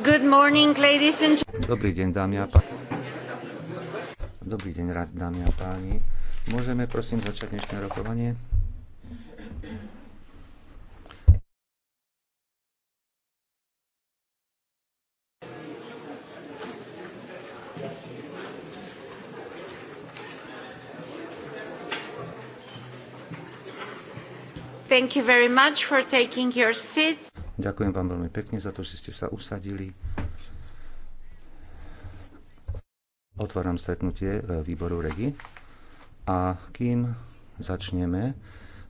Good morning, ladies and Dobrý deň, dámy a páni. Dobrý deň, rád, dámy a páni. Môžeme prosím začať dnešné rokovanie? Thank you very much for taking your seats. Ďakujem vám veľmi pekne za to, že ste sa usadili. Otváram stretnutie e, výboru REGI a kým začneme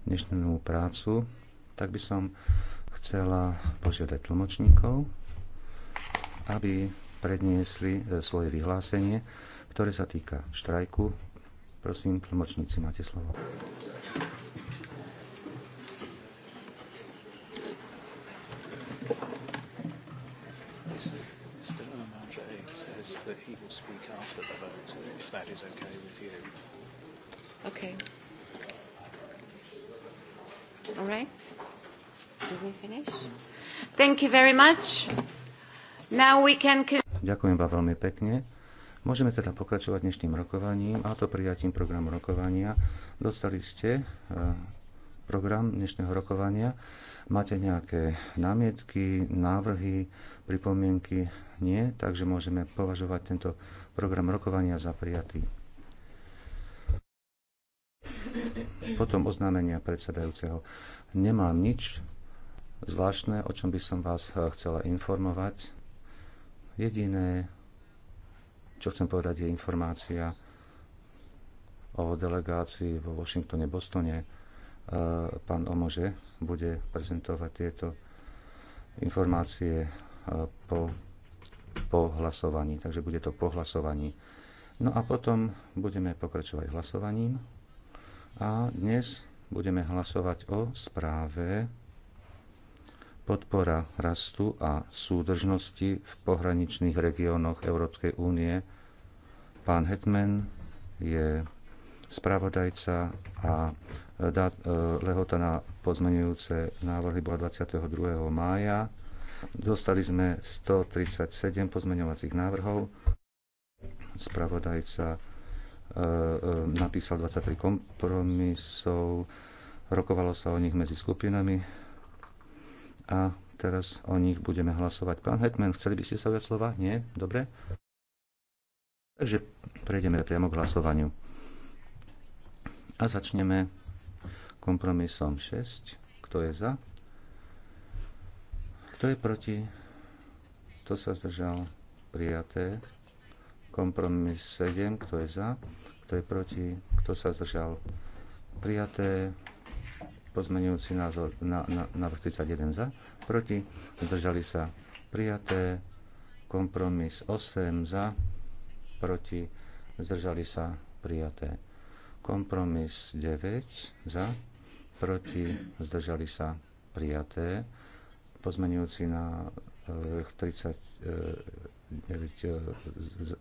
dnešnú prácu, tak by som chcela požiadať tlmočníkov, aby predniesli e, svoje vyhlásenie, ktoré sa týka štrajku. Prosím, tlmočníci, máte slovo. speak after the vote, if that is okay with you. Okay. All right. Do we finish? Thank you very much. Now we can... Ďakujem vám veľmi pekne. Môžeme teda pokračovať dnešným rokovaním a to prijatím programu rokovania. Dostali ste eh, program dnešného rokovania. Máte nejaké námietky, návrhy, pripomienky? Nie, takže môžeme považovať tento program rokovania za prijatý. Potom oznámenia predsedajúceho. Nemám nič zvláštne, o čom by som vás eh, chcela informovať. Jediné, čo chcem povedať, je informácia o delegácii vo Washingtone, Bostone, pán Omože bude prezentovať tieto informácie po, po hlasovaní. Takže bude to po hlasovaní. No a potom budeme pokračovať hlasovaním. A dnes budeme hlasovať o správe podpora rastu a súdržnosti v pohraničných regiónoch Európskej únie. Pán Hetman je spravodajca a dát, e, lehota na pozmenujúce návrhy bola 22. mája. Dostali sme 137 pozmeňovacích návrhov. Spravodajca e, e, napísal 23 kompromisov, rokovalo sa o nich medzi skupinami a teraz o nich budeme hlasovať. Pán Hetman, chceli by ste sa viac slova? Nie? Dobre? Takže prejdeme priamo k hlasovaniu. A začneme kompromisom 6. Kto je za? Kto je proti? Kto sa zdržal? Prijaté. Kompromis 7. Kto je za? Kto je proti? Kto sa zdržal? Prijaté. Pozmenujúci názor na, na, 31 za. Proti. Zdržali sa. Prijaté. Kompromis 8 za. Proti. Zdržali sa. Prijaté. Kompromis 9 za proti, zdržali sa prijaté. Pozmenujúci na 39 eh, eh, eh,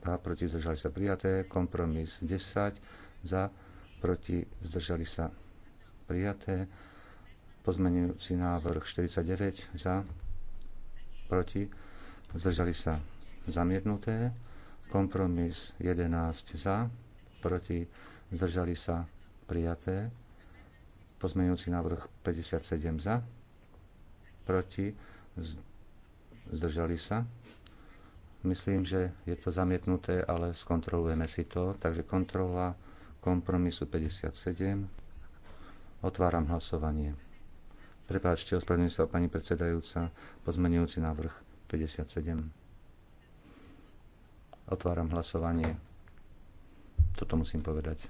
za, proti, zdržali sa prijaté. Kompromis 10 za, proti, zdržali sa prijaté. Pozmenujúci návrh 49 za, proti, zdržali sa zamietnuté. Kompromis 11 za, proti, zdržali sa prijaté. Pozmeňujúci návrh 57 za, proti, zdržali sa. Myslím, že je to zamietnuté, ale skontrolujeme si to. Takže kontrola kompromisu 57. Otváram hlasovanie. Prepáčte, ospravedlňujem sa pani predsedajúca, pozmenujúci návrh 57. Otváram hlasovanie. Toto musím povedať.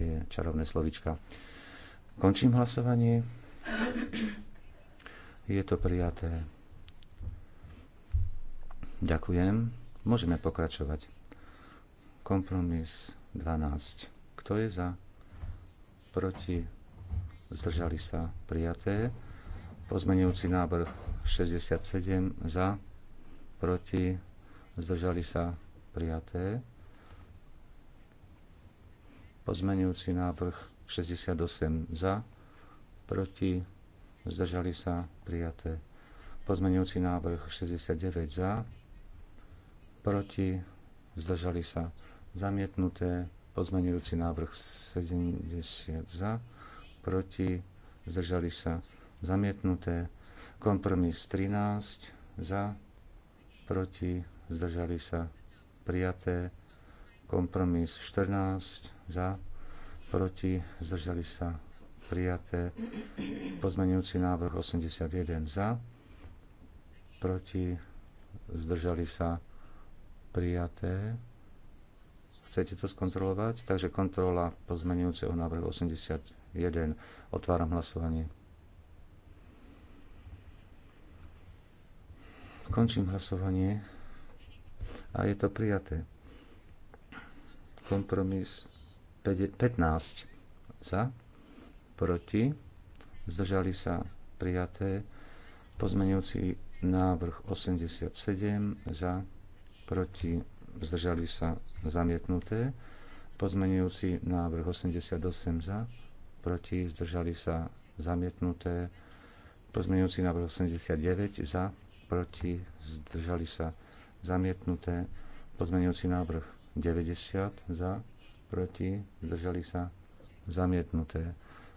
Tie čarovné slovička. Končím hlasovanie. Je to prijaté. Ďakujem. Môžeme pokračovať. Kompromis 12. Kto je za? Proti? Zdržali sa? Prijaté. Pozmenujúci návrh 67 za, proti, zdržali sa prijaté. Pozmenujúci návrh 68 za, proti, zdržali sa, prijaté. Pozmenujúci návrh 69 za, proti, zdržali sa, zamietnuté. Pozmenujúci návrh 70 za, proti, zdržali sa, zamietnuté. Kompromis 13 za, proti, zdržali sa, prijaté kompromis 14 za, proti, zdržali sa prijaté. Pozmenujúci návrh 81 za, proti, zdržali sa prijaté. Chcete to skontrolovať? Takže kontrola pozmenujúceho návrhu 81. Otváram hlasovanie. Končím hlasovanie a je to prijaté. Kompromis 15 za, proti, zdržali sa prijaté. Pozmenujúci návrh 87 za, proti, zdržali sa zamietnuté. Pozmenujúci návrh 88 za, proti, zdržali sa zamietnuté. Pozmenujúci návrh 89 za, proti, zdržali sa zamietnuté. Pozmenujúci návrh 90 za, proti, zdržali sa, zamietnuté.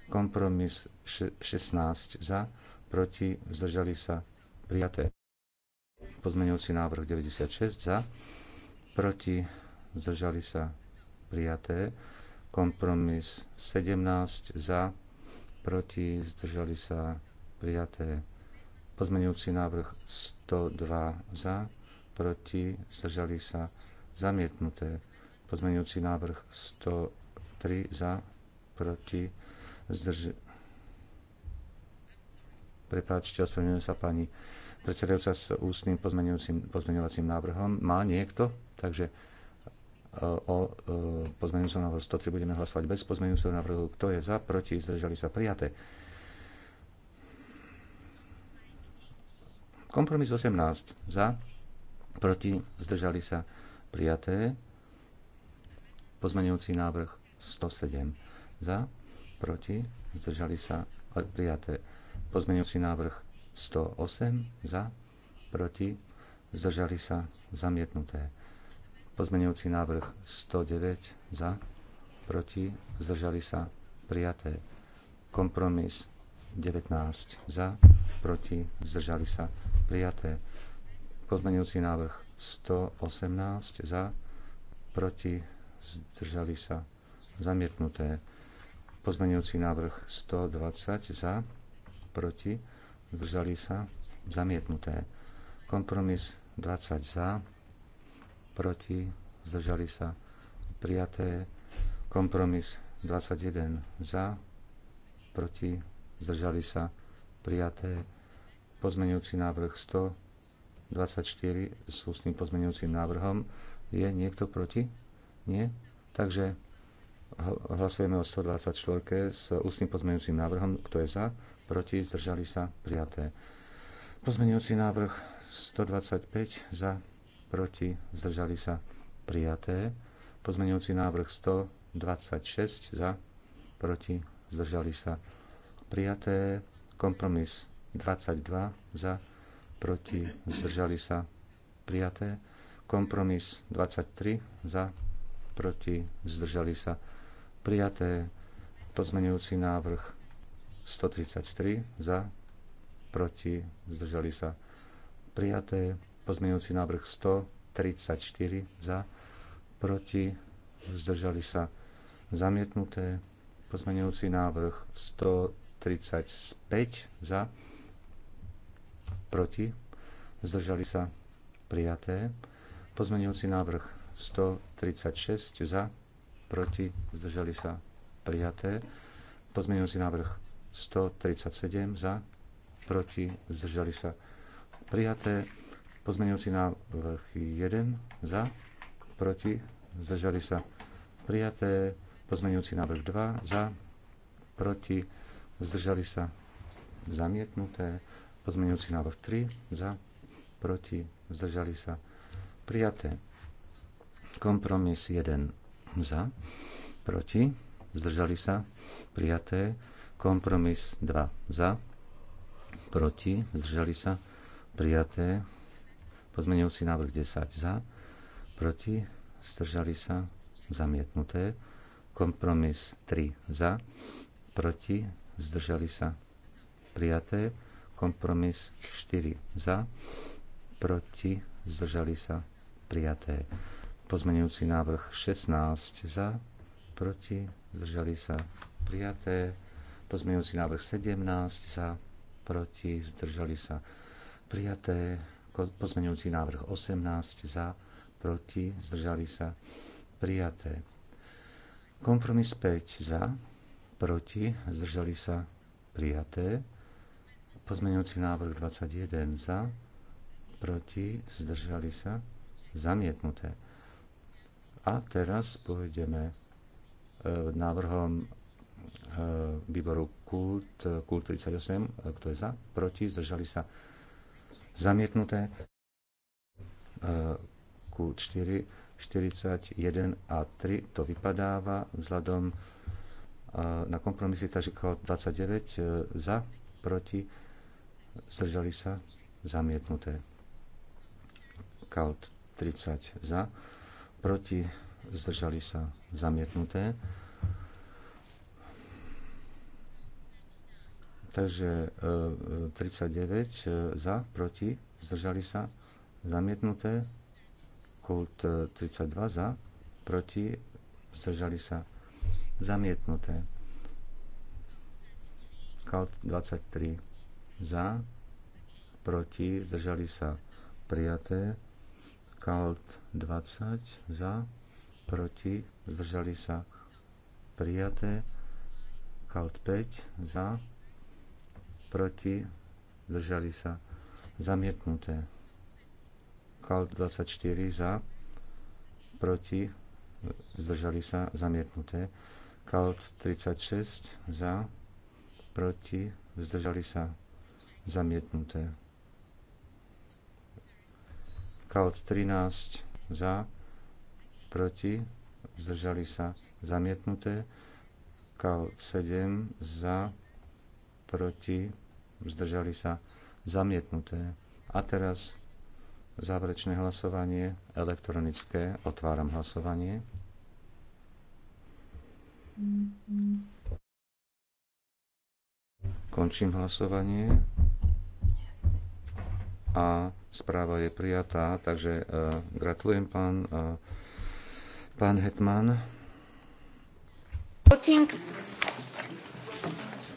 Kompromis 16 za, proti, zdržali sa, prijaté. Pozmeňujúci návrh 96 za, proti, zdržali sa, prijaté. Kompromis 17 za, proti, zdržali sa, prijaté. Pozmeňujúci návrh 102 za, proti, zdržali sa, zamietnuté. Pozmeňujúci návrh 103 za, proti, zdrži... Prepáčte, ospravedlňujem sa pani predsedajúca s ústnym pozmeňovacím návrhom. Má niekto? Takže e, o e, pozmeňujúcom návrhu 103 budeme hlasovať bez pozmeňujúceho návrhu. Kto je za, proti, zdržali sa, prijaté. Kompromis 18. Za, proti, zdržali sa, prijaté. Pozmenujúci návrh 107 za, proti, zdržali sa prijaté. Pozmeňujúci návrh 108 za, proti, zdržali sa zamietnuté. Pozmeňujúci návrh 109 za, proti, zdržali sa prijaté. Kompromis 19 za, proti, zdržali sa prijaté. Pozmenujúci návrh 118 za, proti, zdržali sa zamietnuté. Pozmenujúci návrh 120 za, proti, zdržali sa zamietnuté. Kompromis 20 za, proti, zdržali sa prijaté. Kompromis 21 za, proti, zdržali sa prijaté. Pozmenujúci návrh 124 s ústnym pozmenujúcim návrhom. Je niekto proti? Nie? Takže hlasujeme o 124 s ústnym pozmeňujúcim návrhom. Kto je za? Proti? Zdržali sa? Prijaté. Pozmeňujúci návrh 125 za? Proti? Zdržali sa? Prijaté. Pozmeňujúci návrh 126 za? Proti? Zdržali sa? Prijaté. Kompromis 22 za? Proti? Zdržali sa? Prijaté. Kompromis 23 za? proti, zdržali sa prijaté. Pozmenujúci návrh 133 za, proti, zdržali sa prijaté. Pozmenujúci návrh 134 za, proti, zdržali sa zamietnuté. Pozmenujúci návrh 135 za, proti, zdržali sa prijaté. Pozmenujúci návrh 136 za, proti, zdržali sa prijaté. Pozmeňujúci návrh 137 za, proti, zdržali sa prijaté. Pozmeňujúci návrh 1 za, proti, zdržali sa prijaté. Pozmeňujúci návrh 2 za, proti, zdržali sa zamietnuté. Pozmeňujúci návrh 3 za, proti, zdržali sa prijaté. Kompromis 1 za, proti, zdržali sa, prijaté. Kompromis 2 za, proti, zdržali sa, prijaté. Pozmenujúci návrh 10 za, proti, zdržali sa, zamietnuté. Kompromis 3 za, proti, zdržali sa, prijaté. Kompromis 4 za, proti, zdržali sa, prijaté Pozmenujúci návrh 16 za, proti, zdržali sa prijaté. Pozmenujúci návrh 17 za, proti, zdržali sa prijaté. Pozmenujúci návrh 18 za, proti, zdržali sa prijaté. Kompromis 5 za, proti, zdržali sa prijaté. pozmenujúci návrh 21 za, proti, zdržali sa, zamietnuté. A teraz pôjdeme e, návrhom e, výboru Kult, e, Kult 38, kto je za, proti, zdržali sa zamietnuté. Kult 4, 41 a 3 to vypadáva vzhľadom na kompromisy, takže 29 za, proti, zdržali sa zamietnuté. KULT 30 za, proti, zdržali sa zamietnuté. Takže 39 e, e, za, proti, zdržali sa, zamietnuté. Kult 32 e, za, proti, zdržali sa, zamietnuté. Kult 23 za, proti, zdržali sa, prijaté. Kult 20 za, proti, zdržali sa prijaté, kaut 5 za, proti, zdržali sa zamietnuté, kalt 24 za, proti, zdržali sa zamietnuté, kaut 36 za, proti, zdržali sa zamietnuté. Kalt 13 za, proti, zdržali sa zamietnuté, kal 7 za, proti, zdržali sa zamietnuté. A teraz záverečné hlasovanie elektronické. Otváram hlasovanie. Končím hlasovanie a správa je prijatá, takže uh, gratulujem pán, uh, pán Hetman. Voting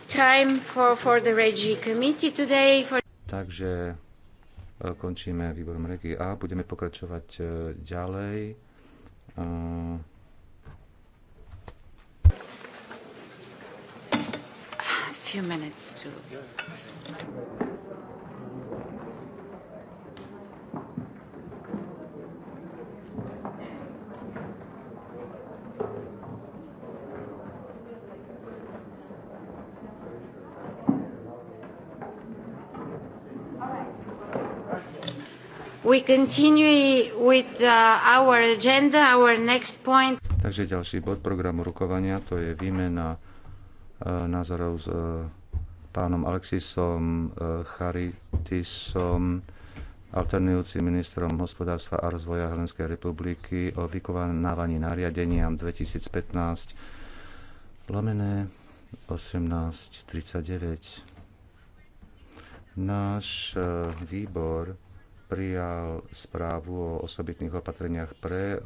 time for, for the Regi committee today. For... Takže uh, končíme výborom Regi A. Budeme pokračovať uh, ďalej. Uh, few minutes to... yeah. We continue with uh, our agenda, our next point. Takže ďalší bod programu rokovania to je výmena uh, názorov s uh, pánom Alexisom Charitisom, alternujúcim ministrom hospodárstva a rozvoja Helenskej republiky o vykonávaní nariadeniam 2015 lomené 1839. Náš výbor prijal správu o osobitných opatreniach pre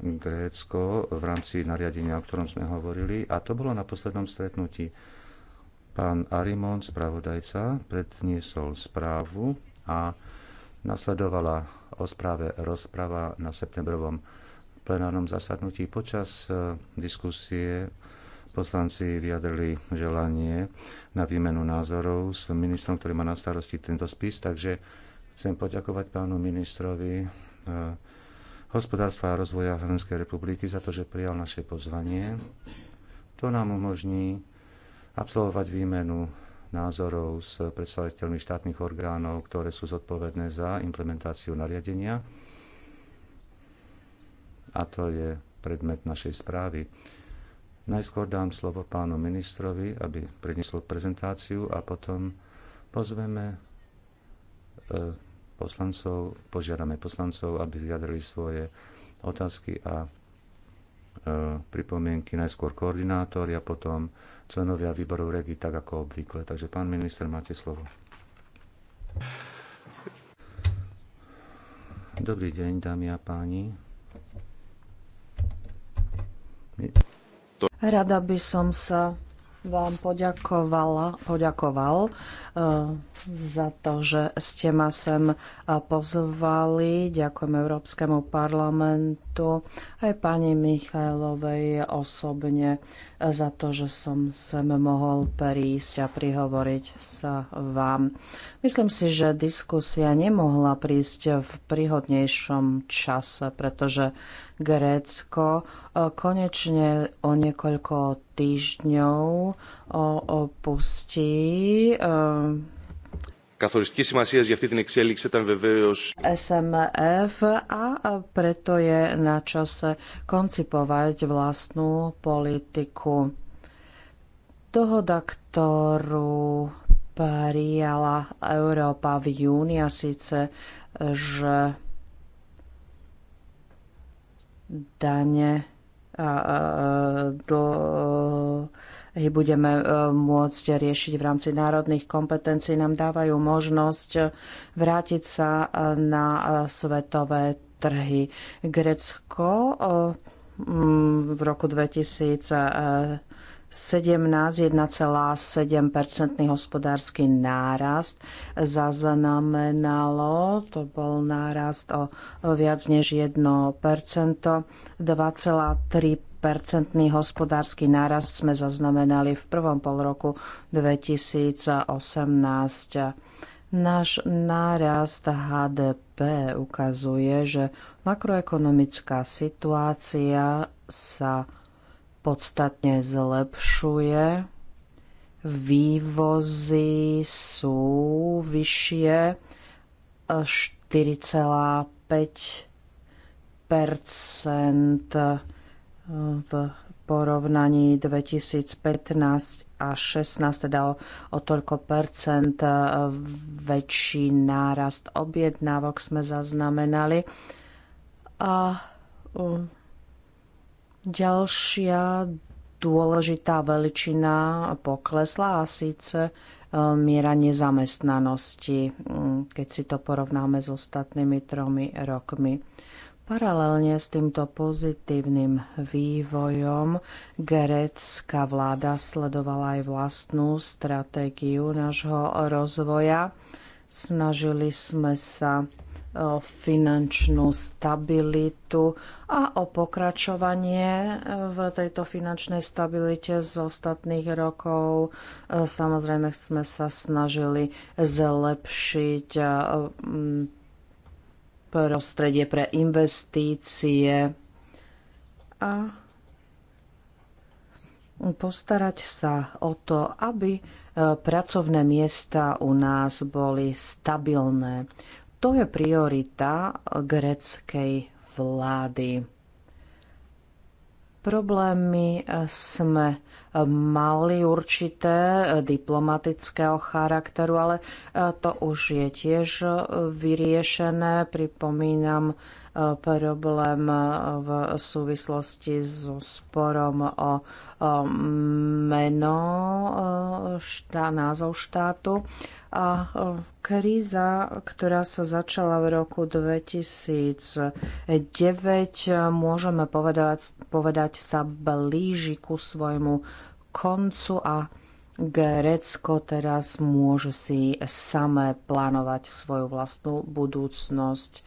Grécko v rámci nariadenia, o ktorom sme hovorili. A to bolo na poslednom stretnutí. Pán Arimon, spravodajca, predniesol správu a nasledovala o správe rozprava na septembrovom plenárnom zasadnutí. Počas e, diskusie poslanci vyjadrili želanie na výmenu názorov s ministrom, ktorý má na starosti tento spis, takže Chcem poďakovať pánu ministrovi eh, hospodárstva a rozvoja Hrnskej republiky za to, že prijal naše pozvanie. To nám umožní absolvovať výmenu názorov s predstaviteľmi štátnych orgánov, ktoré sú zodpovedné za implementáciu nariadenia. A to je predmet našej správy. Najskôr dám slovo pánu ministrovi, aby predniesol prezentáciu a potom pozveme eh, poslancov, požiadame poslancov, aby vyjadrili svoje otázky a e, pripomienky najskôr koordinátori a potom členovia výboru regi, tak ako obvykle. Takže pán minister, máte slovo. Dobrý deň, dámy a páni. Rada by som sa vám poďakovala, poďakoval e, za to, že ste ma sem e, pozvali. Ďakujem Európskemu parlamentu aj pani Michajlovej osobne e, za to, že som sem mohol prísť a prihovoriť sa vám. Myslím si, že diskusia nemohla prísť v príhodnejšom čase, pretože Grécko e, konečne o niekoľko týždňov opustí e, Καθοριστική σημασία για αυτή την εξέλιξη ήταν βεβαίω. SMF a preto je na čase koncipovať vlastnú politiku. Dohoda, ktorú prijala Európa v júni a síce, že dane a dlhy budeme e, môcť riešiť v rámci národných kompetencií, nám dávajú možnosť vrátiť sa e, na e, svetové trhy. Grecko v roku 2000 17 1,7 hospodársky nárast zaznamenalo. To bol nárast o viac než 1 2,3 percentný hospodársky nárast sme zaznamenali v prvom pol roku 2018. Náš nárast HDP ukazuje, že makroekonomická situácia sa podstatne zlepšuje. Vývozy sú vyššie 4,5 v porovnaní 2015 a 16, teda o, o toľko percent e, väčší nárast objednávok sme zaznamenali. A um, Ďalšia dôležitá veličina poklesla a síce e, miera nezamestnanosti, keď si to porovnáme s ostatnými tromi rokmi. Paralelne s týmto pozitívnym vývojom grécka vláda sledovala aj vlastnú stratégiu nášho rozvoja. Snažili sme sa o finančnú stabilitu a o pokračovanie v tejto finančnej stabilite z ostatných rokov. E, samozrejme sme sa snažili zlepšiť e, prostredie pre investície a postarať sa o to, aby e, pracovné miesta u nás boli stabilné. To je priorita eh, greckej vlády. Problémy eh, sme eh, mali určité diplomatického charakteru, ale to už je tiež vyriešené. Pripomínam problém eh, v súvislosti s sporom o meno eh, štá, názov štátu. A eh, kríza, ktorá sa začala v roku 2009, môžeme povedať, povedať sa blíži ku svojmu koncu a Grécko teraz môže si samé plánovať svoju vlastnú budúcnosť.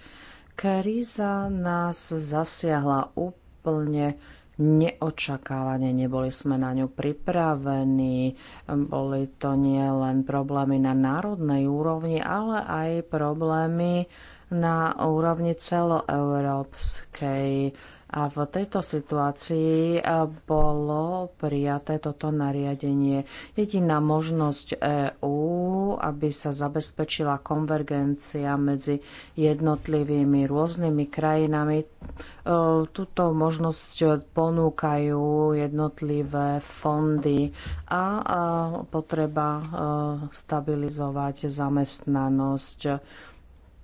Kríza nás zasiahla úplne neočakávane, neboli sme na ňu pripravení. Boli to nie len problémy na národnej úrovni, ale aj problémy na úrovni celoeurópskej. A v tejto situácii e, bolo prijaté toto nariadenie. Jediná možnosť EÚ, aby sa zabezpečila konvergencia medzi jednotlivými rôznymi krajinami, e, túto možnosť ponúkajú jednotlivé fondy a potreba e, stabilizovať zamestnanosť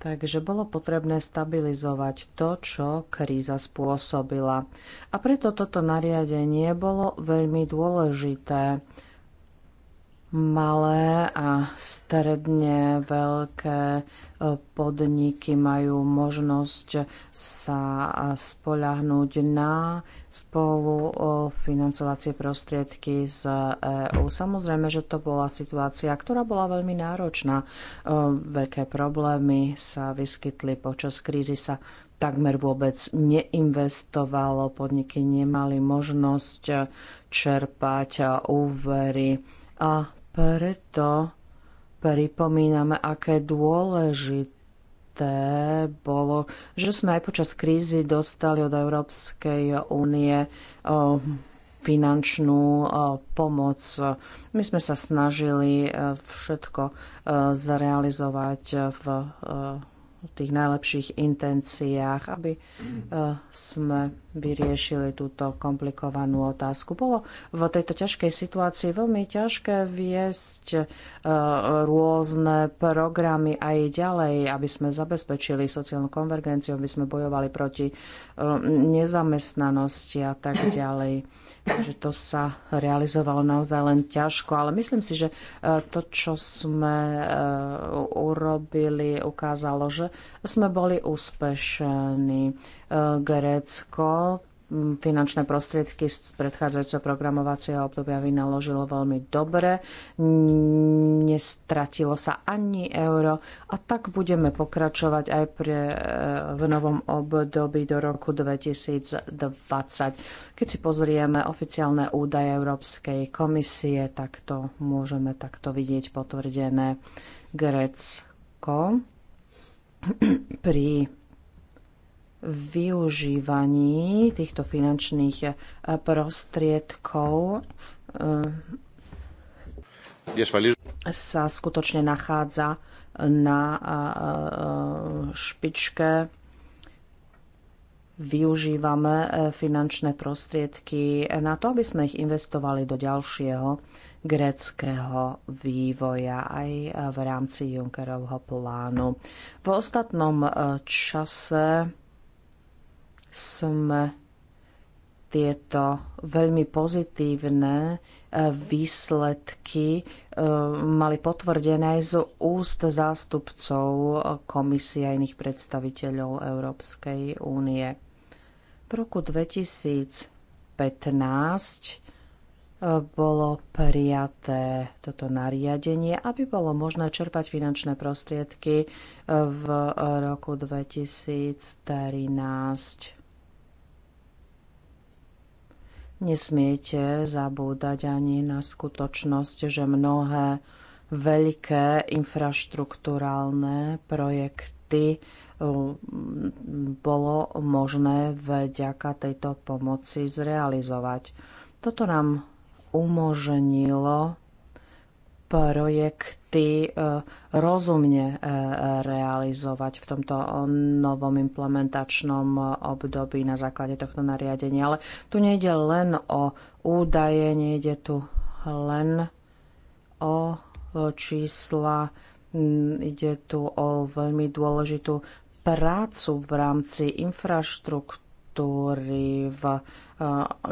Takže bolo potrebné stabilizovať to, čo kríza spôsobila. A preto toto nariadenie bolo veľmi dôležité malé a stredne veľké e, podniky majú možnosť sa e, spoľahnúť na spolu financovacie prostriedky z EÚ. E Samozrejme, že to bola situácia, ktorá bola veľmi náročná. Veľké problémy sa vyskytli počas krízy, sa takmer vôbec neinvestovalo, podniky nemali možnosť čerpať úvery a preto pripomíname, aké dôležité bolo, že sme aj počas krízy dostali od Európskej únie eh, finančnú eh, pomoc. My sme sa snažili eh, všetko zrealizovať v tých najlepších intenciách, aby sme vyriešili túto komplikovanú otázku. Bolo v tejto ťažkej situácii veľmi ťažké viesť e, rôzne programy aj ďalej, aby sme zabezpečili sociálnu konvergenciu, aby sme bojovali proti e, nezamestnanosti a tak ďalej. Takže to sa realizovalo naozaj len ťažko, ale myslím si, že e, to, čo sme urobili, ukázalo, že sme boli úspešní. Grécko finančné prostriedky z predchádzajúceho programovacieho obdobia vynaložilo veľmi dobre, nestratilo sa ani euro a tak budeme pokračovať aj pre, e, v novom období do roku 2020. Keď si pozrieme oficiálne údaje Európskej komisie, tak to môžeme takto vidieť potvrdené Grécko pri využívaní týchto finančných eh, prostriedkov eh, sa skutočne nachádza na eh, špičke. Využívame finančné prostriedky na to, aby sme ich investovali do ďalšieho gréckého vývoja aj v rámci Junckerovho plánu. V ostatnom čase sme tieto veľmi pozitívne eh, výsledky eh, mali potvrdené aj z úst zástupcov komisie a iných predstaviteľov Európskej únie. V roku 2015 eh, bolo prijaté toto nariadenie, aby bolo možné čerpať finančné prostriedky v roku 2013. Nesmiete zabúdať ani na skutočnosť, že mnohé veľké infraštruktúrálne projekty bolo možné vďaka tejto pomoci zrealizovať. Toto nám umožnilo projekty e, rozumne e, realizovať v tomto novom implementačnom období na základe tohto nariadenia. Ale tu nejde len o údaje, nejde tu len o čísla, mm, ide tu o veľmi dôležitú prácu v rámci infraštruktúry v e,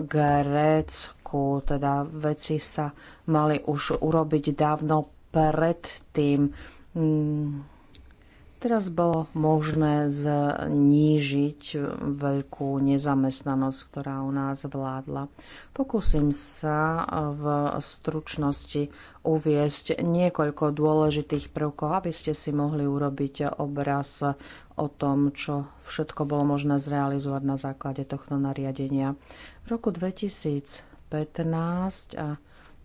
Grécku strachu, teda veci sa mali už urobiť dávno predtým. Mm, teraz bolo možné znížiť veľkú nezamestnanosť, ktorá u nás vládla. Pokúsim sa v stručnosti uviesť niekoľko dôležitých prvkov, aby ste si mohli urobiť obraz o tom, čo všetko bolo možné zrealizovať na základe tohto nariadenia. V roku 2000 2015 a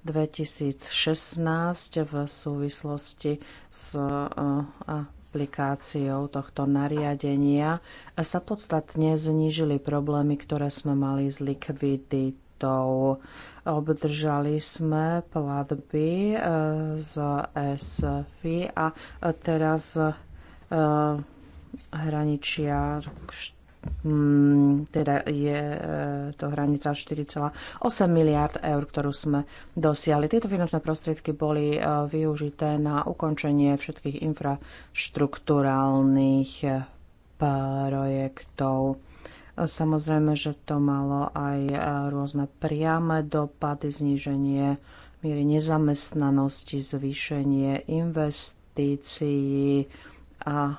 2016 v súvislosti s e, aplikáciou tohto nariadenia sa podstatne znížili problémy, ktoré sme mali s likviditou. Obdržali sme platby e, z SFI a teraz e, hraničia Mm, teda je e, to hranica 4,8 miliard eur, ktorú sme dosiali. Tieto finančné prostriedky boli e, využité na ukončenie všetkých infraštruktúrálnych e, projektov. Samozrejme, že to malo aj rôzne priame dopady, zníženie miery nezamestnanosti, zvýšenie investícií a, a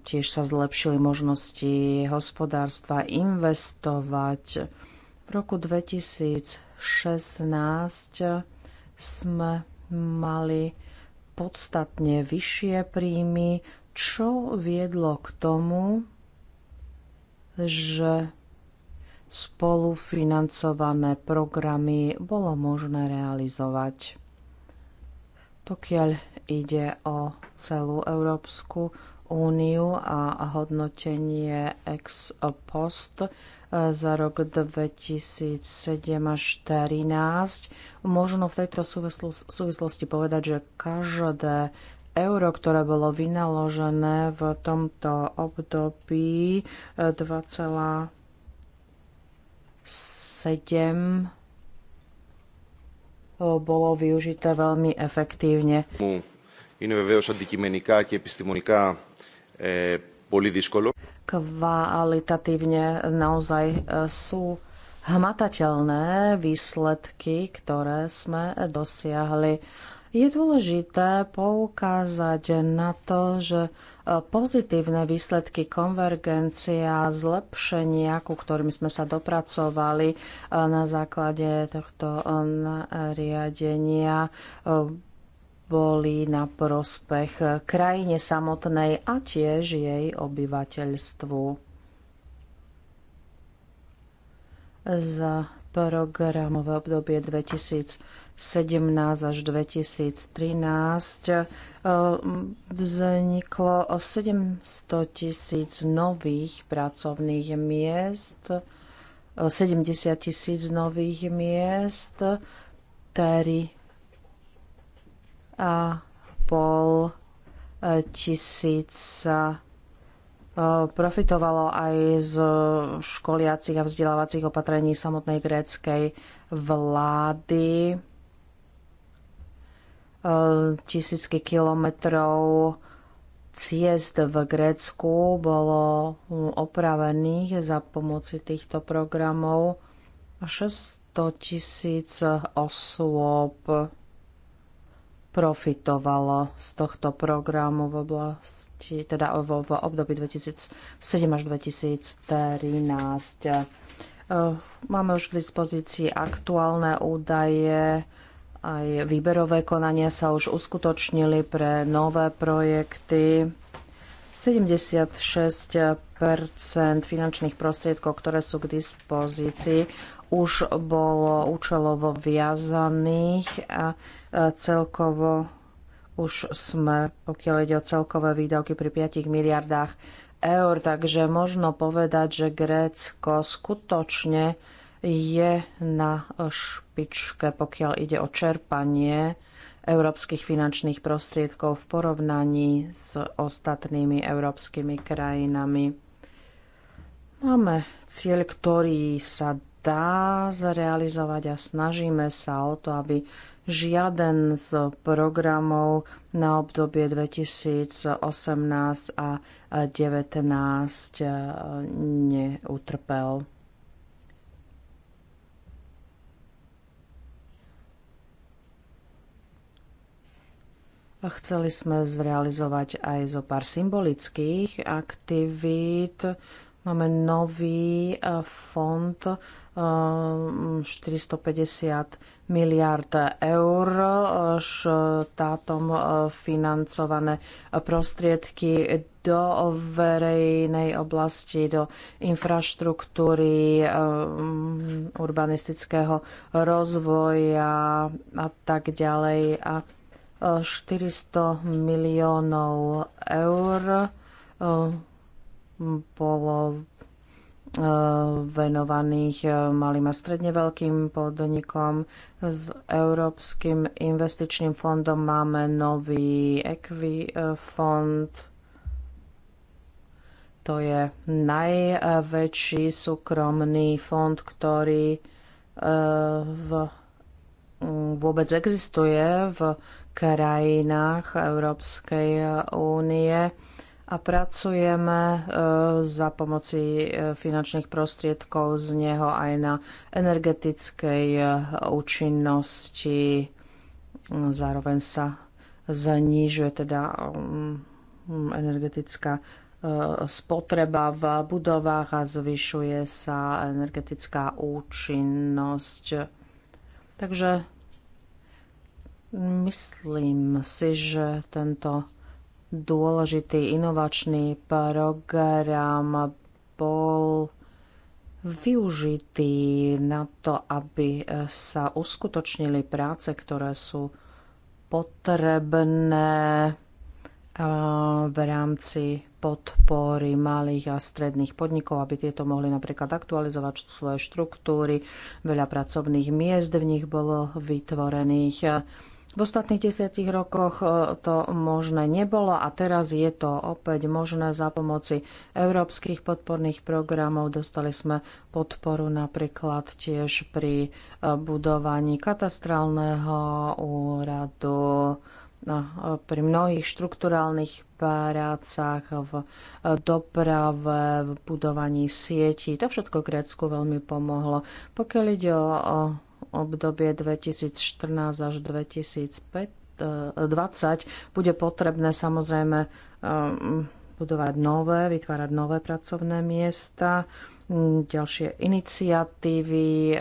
Tiež sa zlepšili možnosti hospodárstva investovať. V roku 2016 sme mali podstatne vyššie príjmy, čo viedlo k tomu, že spolufinancované programy bolo možné realizovať. Pokiaľ ide o celú Európsku úniu a hodnotenie ex post e, za rok 2007 až 2013. Možno v tejto súvislosti povedať, že každé euro, ktoré bolo vynaložené v tomto období 2,7 e, e, bolo využité veľmi efektívne. Είναι βεβαίως αντικειμενικά και επιστημονικά Eh, Kvalitatívne naozaj eh, sú hmatateľné výsledky, ktoré sme dosiahli. Je dôležité poukázať na to, že eh, pozitívne výsledky konvergencia, zlepšenia, ku ktorým sme sa dopracovali na základe tohto nariadenia, boli na prospech krajine samotnej a tiež jej obyvateľstvu. Za programové obdobie 2017 až 2013 eh, vzniklo 700 tisíc nových pracovných miest, 70 eh, tisíc nových miest, 3 pol e, tisíc e, profitovalo aj z školiacich a vzdelávacích opatrení samotnej gréckej vlády. E, tisícky kilometrov ciest v Grécku bolo opravených za pomoci týchto programov 600 tisíc osôb profitovalo z tohto programu v oblasti, teda v, v období 2007 až 2013. Eh, máme už k dispozícii aktuálne údaje, aj výberové konania sa už uskutočnili pre nové projekty. 76 finančných prostriedkov, ktoré sú k dispozícii, už bolo účelovo viazaných a Celkovo už sme, pokiaľ ide o celkové výdavky pri 5 miliardách eur, takže možno povedať, že Grécko skutočne je na špičke, pokiaľ ide o čerpanie európskych finančných prostriedkov v porovnaní s ostatnými európskymi krajinami. Máme cieľ, ktorý sa dá zrealizovať a snažíme sa o to, aby žiaden z programov na obdobie 2018 a 2019 eh, neutrpel. A chceli sme zrealizovať aj zo pár symbolických aktivít. Máme nový eh, fond 450 ehm, miliard eur štátom e, financované prostriedky do verejnej oblasti, do infraštruktúry, ehm, urbanistického rozvoja a tak ďalej. A 400 e, miliónov eur e, bolo Eh, venovaných eh, malým a stredne veľkým podnikom. S Európskym investičným fondom máme nový Equi eh, fond. To je najväčší súkromný fond, ktorý v, mm, vôbec existuje v krajinách Európskej únie a pracujeme e, za pomoci e, finančných prostriedkov z neho aj na energetickej e, účinnosti. Zároveň sa znižuje teda mm, energetická spotreba v budovách a zvyšuje sa energetická účinnosť. Takže mm, myslím si, že tento dôležitý inovačný program bol využitý na to, aby sa uskutočnili práce, ktoré sú potrebné v rámci podpory malých a stredných podnikov, aby tieto mohli napríklad aktualizovať svoje štruktúry. Veľa pracovných miest v nich bolo vytvorených v ostatných desiatich rokoch e, to možné nebolo a teraz je to opäť možné za pomoci európskych podporných programov. Dostali sme podporu napríklad tiež pri e, budovaní katastrálneho úradu, no, e, pri mnohých štrukturálnych prácach, v doprave, v budovaní sietí. To všetko Grécku veľmi pomohlo. Pokiaľ ide o obdobie 2014 až 2020 eh, bude potrebné samozrejme eh, budovať nové, vytvárať nové pracovné miesta. Mm, ďalšie iniciatívy eh,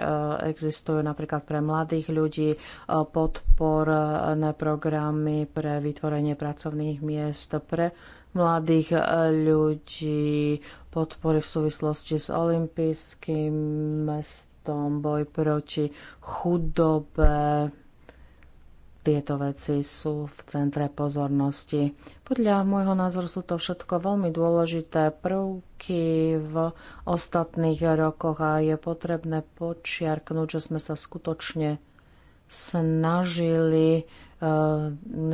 existujú napríklad pre mladých ľudí, podporné programy pre vytvorenie pracovných miest pre mladých ľudí, podpory v súvislosti s olympijským mestom potom boj proti chudobe. Tieto veci sú v centre pozornosti. Podľa môjho názoru sú to všetko veľmi dôležité prvky v ostatných rokoch a je potrebné počiarknúť, že sme sa skutočne snažili eh,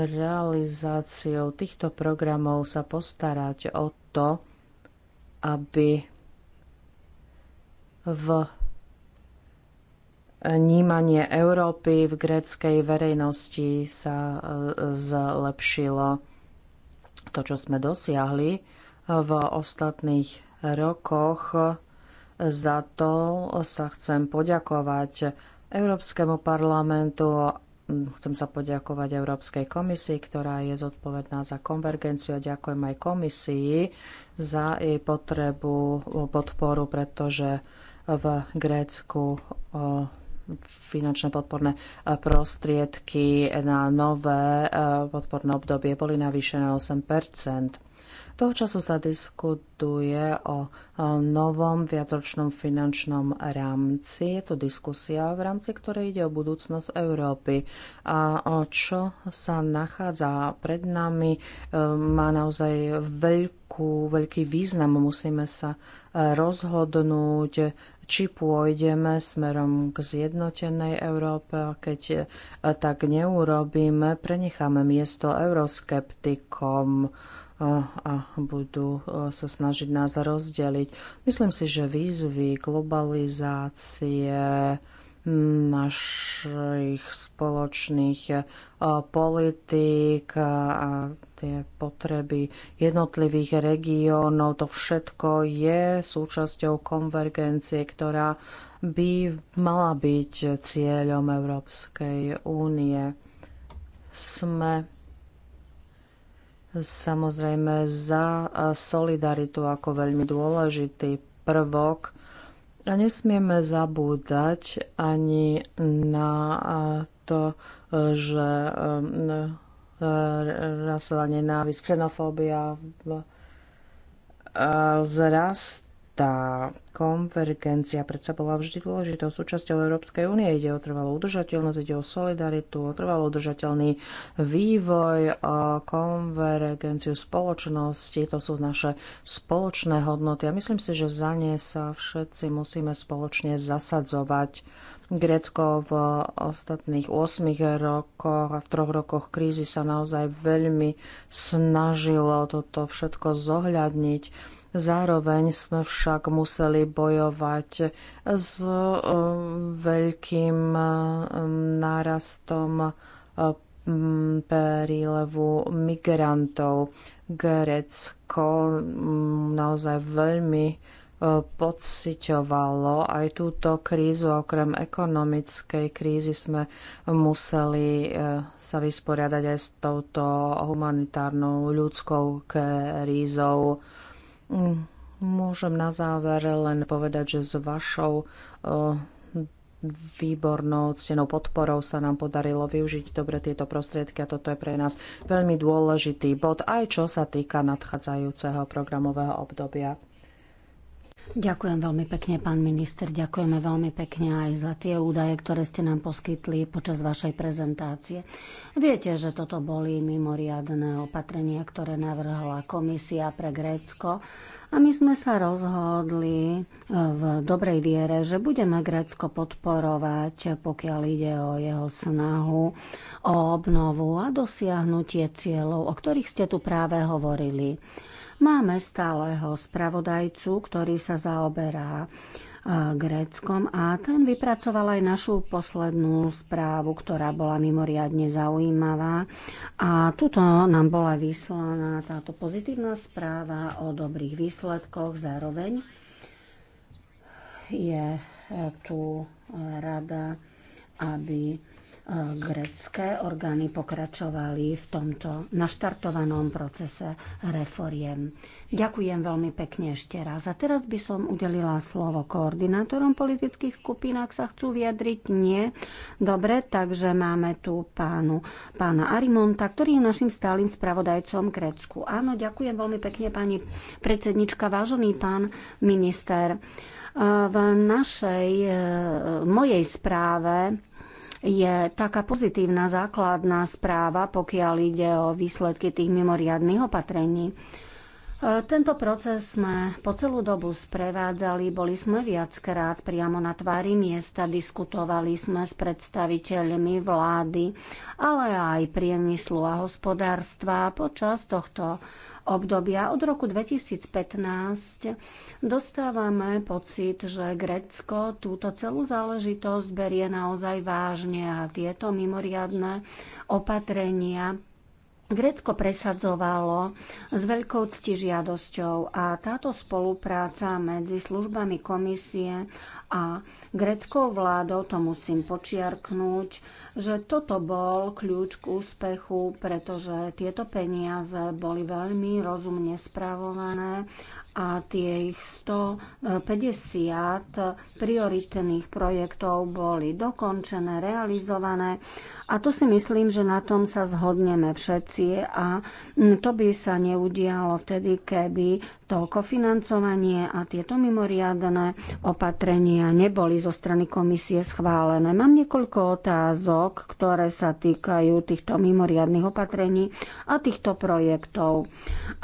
realizáciou týchto programov sa postarať o to, aby v vnímanie Európy v gréckej verejnosti sa e, zlepšilo. To, čo sme dosiahli e, v ostatných rokoch, e, za to sa chcem poďakovať Európskemu parlamentu, chcem sa poďakovať Európskej komisii, ktorá je zodpovedná za konvergenciu. A ďakujem aj komisii za jej potrebu, podporu, pretože v Grécku finančné podporné eh, prostriedky na nové eh, podporné obdobie boli navýšené 8 toho času sa diskutuje o eh, novom viacročnom finančnom rámci. Je to diskusia, v rámci ktorej ide o budúcnosť Európy. A o čo sa nachádza pred nami, má naozaj veľkú, veľký význam. Musíme sa rozhodnúť, či pôjdeme smerom k zjednotenej Európe a keď e, tak neurobíme, prenecháme miesto euroskeptikom e, a budú e, sa snažiť nás rozdeliť. Myslím si, že výzvy globalizácie, našich spoločných eh, politík a tie potreby jednotlivých regiónov. To všetko je súčasťou konvergencie, ktorá by mala byť cieľom Európskej únie. Sme samozrejme za solidaritu ako veľmi dôležitý prvok a nesmieme zabúdať ani na to, že rasová nenávisť, xenofóbia zrast tá konvergencia predsa bola vždy dôležitou súčasťou Európskej únie. Ide o trvalú udržateľnosť, ide o solidaritu, o trvalo udržateľný vývoj, o konvergenciu spoločnosti. To sú naše spoločné hodnoty a myslím si, že za ne sa všetci musíme spoločne zasadzovať. Grécko v ostatných 8 rokoch a v troch rokoch krízy sa naozaj veľmi snažilo toto všetko zohľadniť Zároveň sme však museli bojovať s e, veľkým e, nárastom e, prílevu migrantov. Grécko naozaj veľmi pocitovalo aj túto krízu. Okrem ekonomickej krízy sme museli sa vysporiadať aj s touto humanitárnou ľudskou krízou. Môžem na záver len povedať, že s vašou eh, výbornou ctenou podporou sa nám podarilo využiť dobre tieto prostriedky a toto je pre nás veľmi dôležitý bod, aj čo sa týka nadchádzajúceho programového obdobia. Ďakujem veľmi pekne, pán minister. Ďakujeme veľmi pekne aj za tie údaje, ktoré ste nám poskytli počas vašej prezentácie. Viete, že toto boli mimoriadne opatrenia, ktoré navrhla komisia pre Grécko a my sme sa rozhodli e, v dobrej viere, že budeme Grécko podporovať, pokiaľ ide o jeho snahu o obnovu a dosiahnutie cieľov, o ktorých ste tu práve hovorili. Máme stáleho spravodajcu, ktorý sa zaoberá e, Gréckom a ten vypracoval aj našu poslednú správu, ktorá bola mimoriadne zaujímavá. A tuto nám bola vyslaná táto pozitívna správa o dobrých výsledkoch. Zároveň je e, tu rada, aby E, grecké orgány pokračovali v tomto naštartovanom procese reforiem. Ďakujem veľmi pekne ešte raz. A teraz by som udelila slovo koordinátorom politických skupín, ak sa chcú vyjadriť. Nie. Dobre, takže máme tu pánu, pána Arimonta, ktorý je našim stálym spravodajcom Grécku. Áno, ďakujem veľmi pekne, pani predsednička, vážený pán minister. E, v našej, e, mojej správe je taká pozitívna základná správa, pokiaľ ide o výsledky tých mimoriadných opatrení. E, tento proces sme po celú dobu sprevádzali, boli sme viackrát priamo na tvári miesta, diskutovali sme s predstaviteľmi vlády, ale aj priemyslu a hospodárstva. Počas tohto obdobia. Od roku 2015 dostávame pocit, že Grécko túto celú záležitosť berie naozaj vážne a tieto mimoriadne opatrenia Grécko presadzovalo s veľkou ctižiadosťou a táto spolupráca medzi službami komisie a gréckou vládou, to musím počiarknúť, že toto bol kľúč k úspechu, pretože tieto peniaze boli veľmi rozumne spravované a tie ich 150 prioritných projektov boli dokončené, realizované a to si myslím, že na tom sa zhodneme všetci a to by sa neudialo vtedy, keby to kofinancovanie a tieto mimoriadne opatrenia neboli zo strany komisie schválené. Mám niekoľko otázok, ktoré sa týkajú týchto mimoriadnych opatrení a týchto projektov.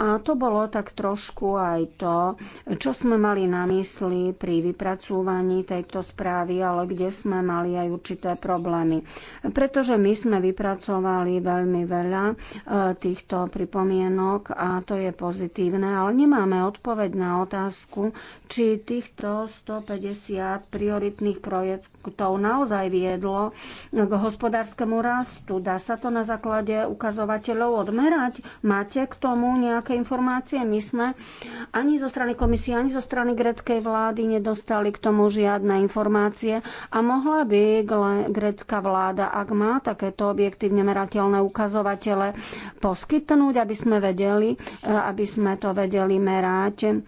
A to bolo tak trošku aj to, čo sme mali na mysli pri vypracúvaní tejto správy, ale kde sme mali aj určité problémy. Pretože my sme vypracovali veľmi veľa eh, týchto pripomienok a to je pozitívne, ale nemáme máme odpoveď na otázku, či týchto 150 prioritných projektov naozaj viedlo k hospodárskemu rastu. Dá sa to na základe ukazovateľov odmerať? Máte k tomu nejaké informácie? My sme ani zo strany komisie, ani zo strany greckej vlády nedostali k tomu žiadne informácie a mohla by grecká vláda, ak má takéto objektívne merateľné ukazovatele, poskytnúť, aby sme vedeli, aby sme to vedeli merať zaoberať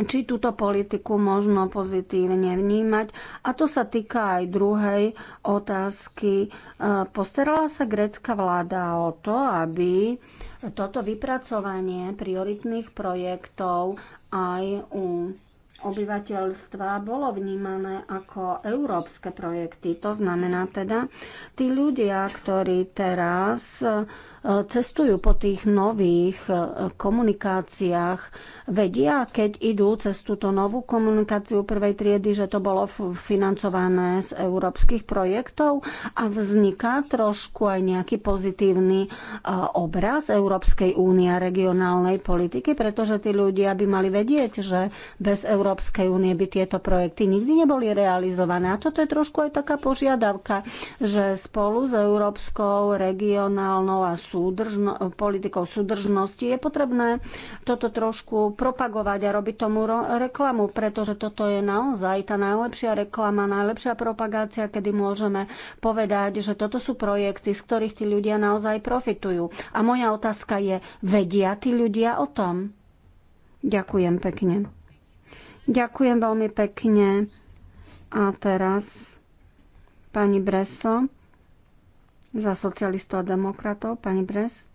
či túto politiku možno pozitívne vnímať. A to sa týka aj druhej otázky. E, postarala sa grécka vláda o to, aby toto vypracovanie prioritných projektov aj u obyvateľstva bolo vnímané ako európske projekty. To znamená teda, tí ľudia, ktorí teraz e, cestujú po tých nových e, komunikáciách, vedia, keď idú cez túto novú komunikáciu prvej triedy, že to bolo financované z európskych projektov a vzniká trošku aj nejaký pozitívny e, obraz Európskej únie a regionálnej politiky, pretože tí ľudia by mali vedieť, že bez Európskej Európskej únie by tieto projekty nikdy neboli realizované. A toto je trošku aj taká požiadavka, že spolu s európskou regionálnou a súdržno, politikou súdržnosti je potrebné toto trošku propagovať a robiť tomu reklamu, pretože toto je naozaj tá najlepšia reklama, najlepšia propagácia, kedy môžeme povedať, že toto sú projekty, z ktorých tí ľudia naozaj profitujú. A moja otázka je, vedia tí ľudia o tom? Ďakujem pekne. Ďakujem veľmi pekne. A teraz pani Breso za socialistov a demokratov. Pani Bres.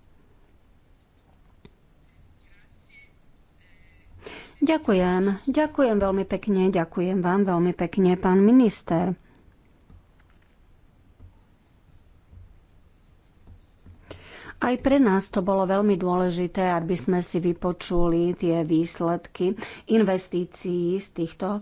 Ďakujem. Ďakujem veľmi pekne. Ďakujem vám veľmi pekne, pán minister. Aj pre nás to bolo veľmi dôležité, aby sme si vypočuli tie výsledky investícií z týchto e,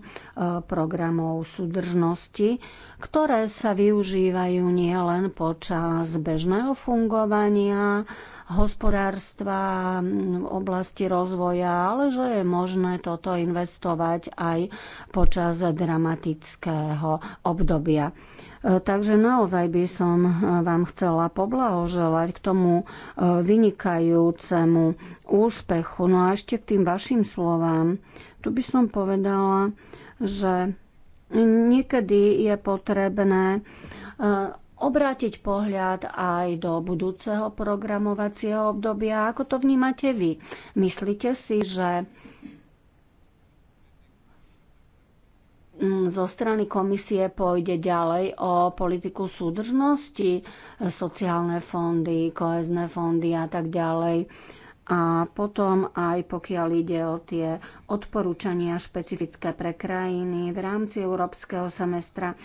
programov súdržnosti, ktoré sa využívajú nielen počas bežného fungovania hospodárstva, v oblasti rozvoja, ale že je možné toto investovať aj počas dramatického obdobia. E, takže naozaj by som e, vám chcela poblahoželať k tomu e, vynikajúcemu úspechu. No a ešte k tým vašim slovám. Tu by som povedala, že niekedy je potrebné obrátiť pohľad aj do budúceho programovacieho obdobia. Ako to vnímate vy? Myslíte si, že Mm, zo strany komisie pôjde ďalej o politiku súdržnosti, sociálne fondy, kohezné fondy a tak ďalej. A potom aj pokiaľ ide o tie odporúčania špecifické pre krajiny v rámci európskeho semestra.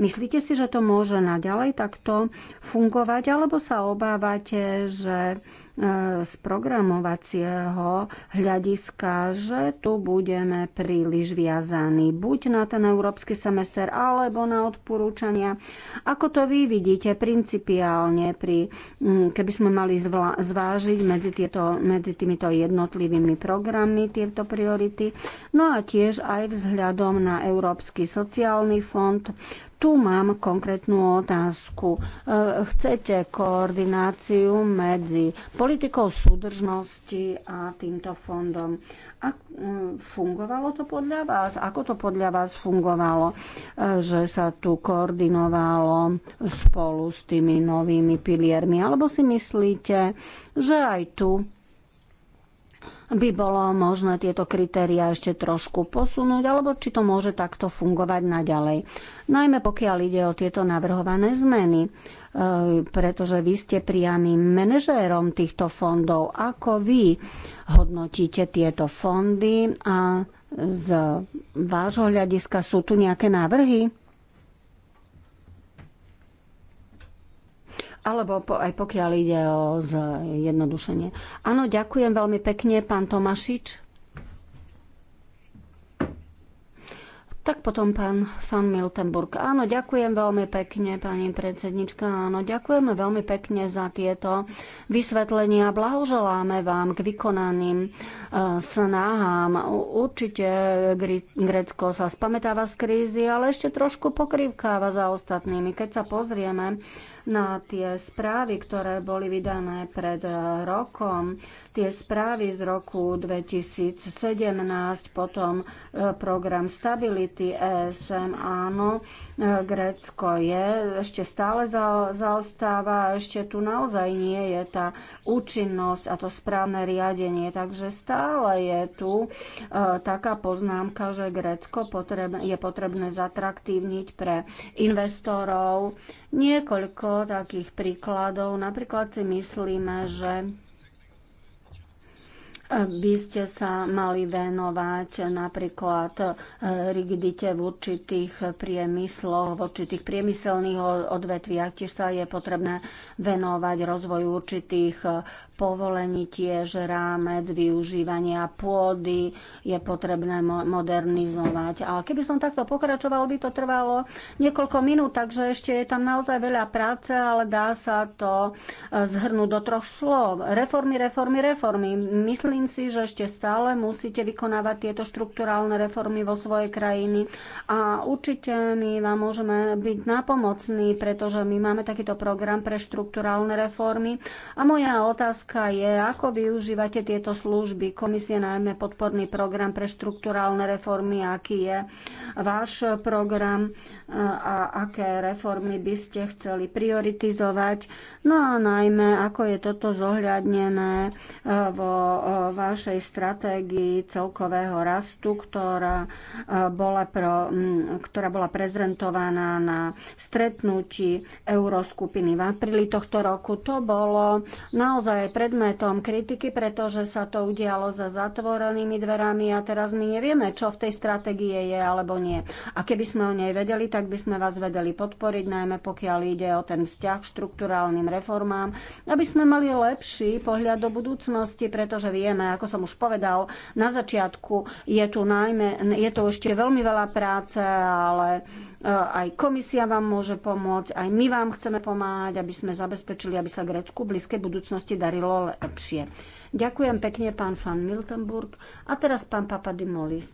Myslíte si, že to môže naďalej takto fungovať, alebo sa obávate, že E, z programovacieho hľadiska, že tu budeme príliš viazaní buď na ten európsky semester alebo na odporúčania. Ako to vy vidíte principiálne, pri, keby sme mali zvla, zvážiť medzi, tieto, medzi týmito jednotlivými programmi tieto priority, no a tiež aj vzhľadom na Európsky sociálny fond, tu mám konkrétnu otázku. E, chcete koordináciu medzi politikou súdržnosti a týmto fondom? A e, fungovalo to podľa vás? Ako to podľa vás fungovalo, e, že sa tu koordinovalo spolu s tými novými piliermi? Alebo si myslíte, že aj tu by bolo možné tieto kritéria ešte trošku posunúť, alebo či to môže takto fungovať naďalej. Najmä pokiaľ ide o tieto navrhované zmeny, e, pretože vy ste priamým manažérom týchto fondov. Ako vy hodnotíte tieto fondy a z vášho hľadiska sú tu nejaké návrhy? alebo po, aj pokiaľ ide o zjednodušenie. Áno, ďakujem veľmi pekne, pán Tomašič. Tak potom pán Fan Miltenburg. Áno, ďakujem veľmi pekne, pani predsednička. Áno, ďakujeme veľmi pekne za tieto vysvetlenia. Blahoželáme vám k vykonaným uh, snahám. Určite Grécko sa spametáva z krízy, ale ešte trošku pokrývkáva za ostatnými. Keď sa pozrieme na tie správy, ktoré boli vydané pred eh, rokom. Tie správy z roku 2017, potom eh, program stability ESM, áno, eh, Grécko je, ešte stále zaostáva, ešte tu naozaj nie je tá účinnosť a to správne riadenie, takže stále je tu taká poznámka, že Grécko je potrebné zatraktívniť pre investorov niekoľko takých príkladov. Napríklad si myslíme, že eh, by ste sa mali venovať napríklad eh, rigidite v určitých priemysloch, v určitých priemyselných odvetviach, tiež sa je potrebné venovať rozvoju určitých eh, povolení tiež rámec využívania pôdy je potrebné modernizovať. Ale keby som takto pokračoval, by to trvalo niekoľko minút, takže ešte je tam naozaj veľa práce, ale dá sa to e, zhrnúť do troch slov. Reformy, reformy, reformy. Myslím si, že ešte stále musíte vykonávať tieto štruktúrálne reformy vo svojej krajiny a určite my vám môžeme byť nápomocní, pretože my máme takýto program pre štruktúrálne reformy a moja otázka otázka je, ako využívate tieto služby. Komisie najmä podporný program pre štruktúrálne reformy, aký je váš program e, a aké reformy by ste chceli prioritizovať. No a najmä, ako je toto zohľadnené e, vo e, vašej stratégii celkového rastu, ktorá bola, pro, ktorá bola prezentovaná na stretnutí Euroskupiny v apríli tohto roku. To bolo naozaj predmetom kritiky, pretože sa to udialo za zatvorenými dverami a teraz my nevieme, čo v tej stratégie je alebo nie. A keby sme o nej vedeli, tak by sme vás vedeli podporiť, najmä pokiaľ ide o ten vzťah k štruktúrálnym reformám, aby sme mali lepší pohľad do budúcnosti, pretože vieme, ako som už povedal, na začiatku je tu najmä, je tu ešte veľmi veľa práce, ale Eh, aj komisia vám môže pomôcť, aj my vám chceme pomáhať, aby sme zabezpečili, aby sa Grécku v blízkej budúcnosti darilo lepšie. Ďakujem pekne, pán Van Miltenburg. A teraz pán Papadimolis.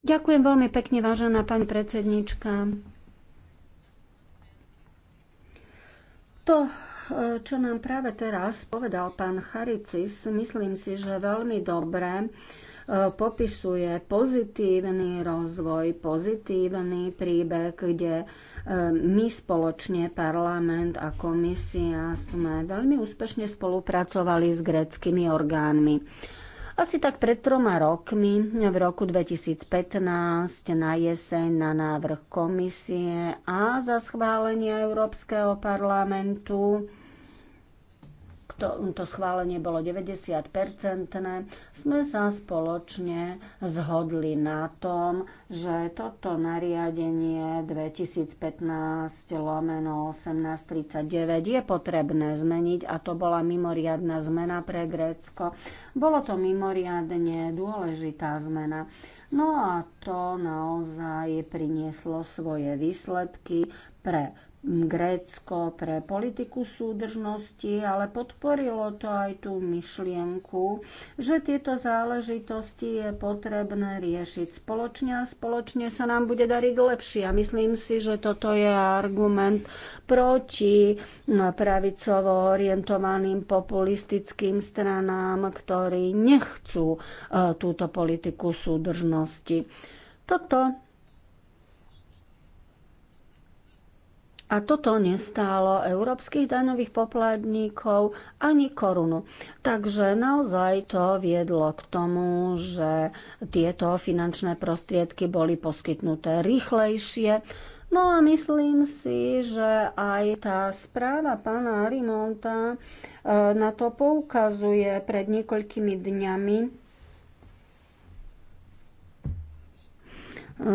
Ďakujem veľmi pekne, vážená pani predsednička. To, eh, čo nám práve teraz povedal pán Charicis, myslím si, že veľmi dobre popisuje pozitívny rozvoj, pozitívny príbeh, kde e, my spoločne, parlament a komisia, sme veľmi úspešne spolupracovali s greckými orgánmi. Asi tak pred troma rokmi, v roku 2015, na jeseň na návrh komisie a za schválenie Európskeho parlamentu to, to schválenie bolo 90-percentné, sme sa spoločne zhodli na tom, že toto nariadenie 2015 lomeno 1839 je potrebné zmeniť a to bola mimoriadná zmena pre Grécko. Bolo to mimoriadne dôležitá zmena. No a to naozaj prinieslo svoje výsledky pre Grécko pre politiku súdržnosti, ale podporilo to aj tú myšlienku, že tieto záležitosti je potrebné riešiť spoločne a spoločne sa nám bude dariť lepšie. A myslím si, že toto je argument proti pravicovo orientovaným populistickým stranám, ktorí nechcú e, túto politiku súdržnosti. Toto A toto nestálo európskych daňových poplatníkov ani korunu. Takže naozaj to viedlo k tomu, že tieto finančné prostriedky boli poskytnuté rýchlejšie. No a myslím si, že aj tá správa pána Arimonta eh, na to poukazuje pred niekoľkými dňami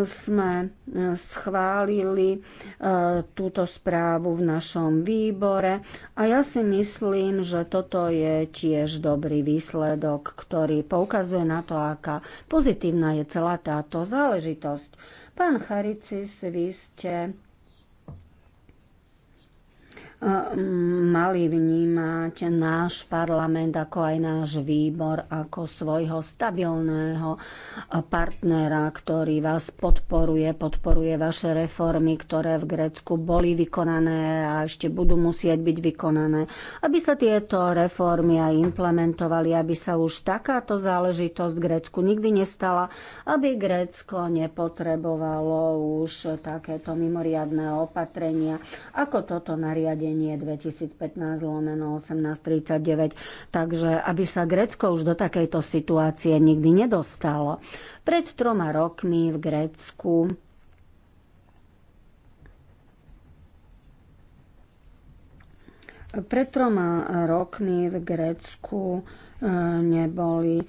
sme e, schválili e, túto správu v našom výbore a ja si myslím, že toto je tiež dobrý výsledok, ktorý poukazuje na to, aká pozitívna je celá táto záležitosť. Pán Charicis, vy ste mali vnímať náš parlament ako aj náš výbor ako svojho stabilného partnera, ktorý vás podporuje, podporuje vaše reformy, ktoré v Grécku boli vykonané a ešte budú musieť byť vykonané, aby sa tieto reformy aj implementovali, aby sa už takáto záležitosť v Grécku nikdy nestala, aby Grécko nepotrebovalo už takéto mimoriadné opatrenia, ako toto nariadenie nariadenie 2015 lomeno 1839, takže aby sa Grécko už do takejto situácie nikdy nedostalo. Pred troma rokmi v Grécku Pred troma rokmi v Grécku E, neboli e,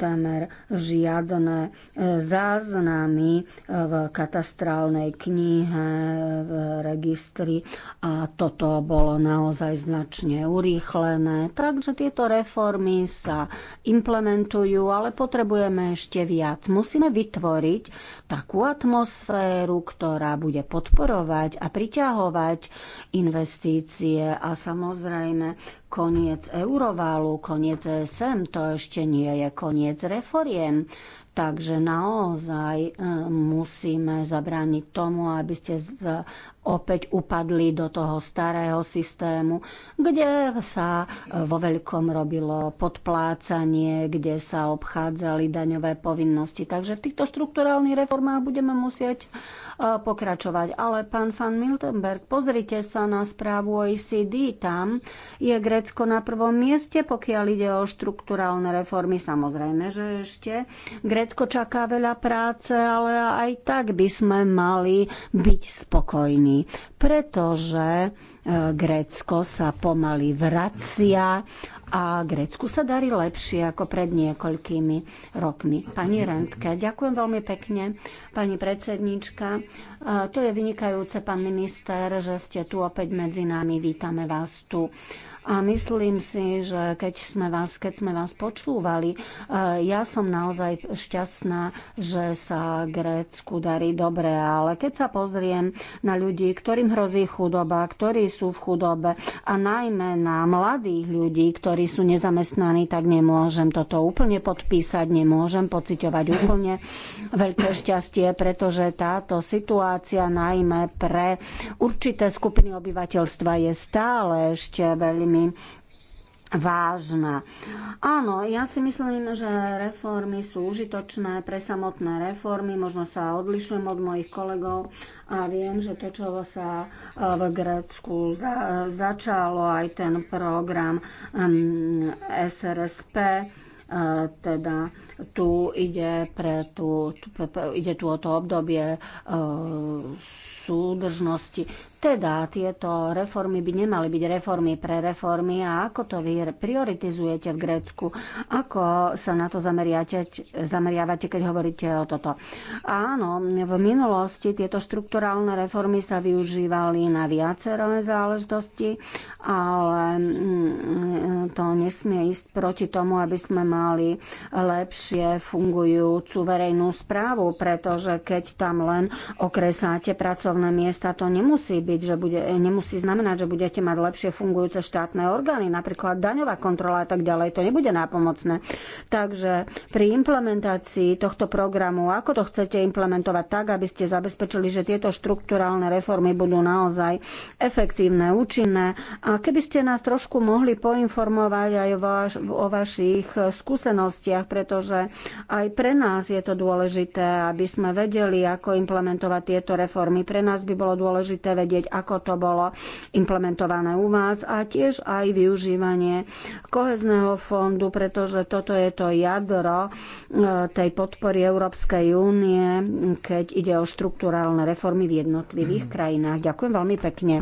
tamer žiadne e, záznamy v katastrálnej knihe, v registri a toto bolo naozaj značne urýchlené. Takže tieto reformy sa implementujú, ale potrebujeme ešte viac. Musíme vytvoriť takú atmosféru, ktorá bude podporovať a priťahovať investície a samozrejme koniec euroválu, koniec ESM, to ešte nie je koniec reforiem. Takže naozaj e, musíme zabrániť tomu, aby ste opäť upadli do toho starého systému, kde sa e, vo veľkom robilo podplácanie, kde sa obchádzali daňové povinnosti. Takže v týchto štruktúrálnych reformách budeme musieť e, pokračovať. Ale pán van Miltenberg, pozrite sa na správu OECD. Tam je Grécko na prvom mieste, pokiaľ ide o štruktúrálne reformy. Samozrejme, že ešte Grécko čaká veľa práce, ale aj tak by sme mali byť spokojní pretože e, Grécko sa pomaly vracia a Grécku sa darí lepšie ako pred niekoľkými rokmi. Pani Rentke, ďakujem veľmi pekne. Pani predsednička, e, to je vynikajúce, pán minister, že ste tu opäť medzi nami. Vítame vás tu. A myslím si, že keď sme vás, keď sme vás počúvali, e, ja som naozaj šťastná, že sa Grécku darí dobre, ale keď sa pozriem na ľudí, ktorým hrozí chudoba, ktorí sú v chudobe a najmä na mladých ľudí, ktorí sú nezamestnaní, tak nemôžem toto úplne podpísať, nemôžem pociťovať úplne veľké šťastie, pretože táto situácia najmä pre určité skupiny obyvateľstva je stále ešte veľmi veľmi vážna. Áno, ja si myslím, že reformy sú užitočné pre samotné reformy, možno sa odlišujem od mojich kolegov a viem, že to, čo sa e, v Grécku za, začalo, aj ten program SRSP, e, teda tu ide, pre tú, ide tu o to obdobie e, súdržnosti. Teda tieto reformy by nemali byť reformy pre reformy a ako to vy prioritizujete v Grécku? Ako sa na to zameriavate, keď hovoríte o toto? Áno, v minulosti tieto štrukturálne reformy sa využívali na viaceré záležitosti, ale mm, to nesmie ísť proti tomu, aby sme mali lepšie lepšie fungujúcu verejnú správu, pretože keď tam len okresáte pracovné miesta, to nemusí byť, že bude, nemusí znamenať, že budete mať lepšie fungujúce štátne orgány, napríklad daňová kontrola a tak ďalej, to nebude nápomocné. Takže pri implementácii tohto programu, ako to chcete implementovať tak, aby ste zabezpečili, že tieto štruktúrálne reformy budú naozaj efektívne, účinné. A keby ste nás trošku mohli poinformovať aj o, vaš, o vašich skúsenostiach, pretože že aj pre nás je to dôležité, aby sme vedeli, ako implementovať tieto reformy. Pre nás by bolo dôležité vedieť, ako to bolo implementované u vás a tiež aj využívanie kohezného fondu, pretože toto je to jadro e, tej podpory Európskej únie, keď ide o štruktúrálne reformy v jednotlivých mm. krajinách. Ďakujem veľmi pekne.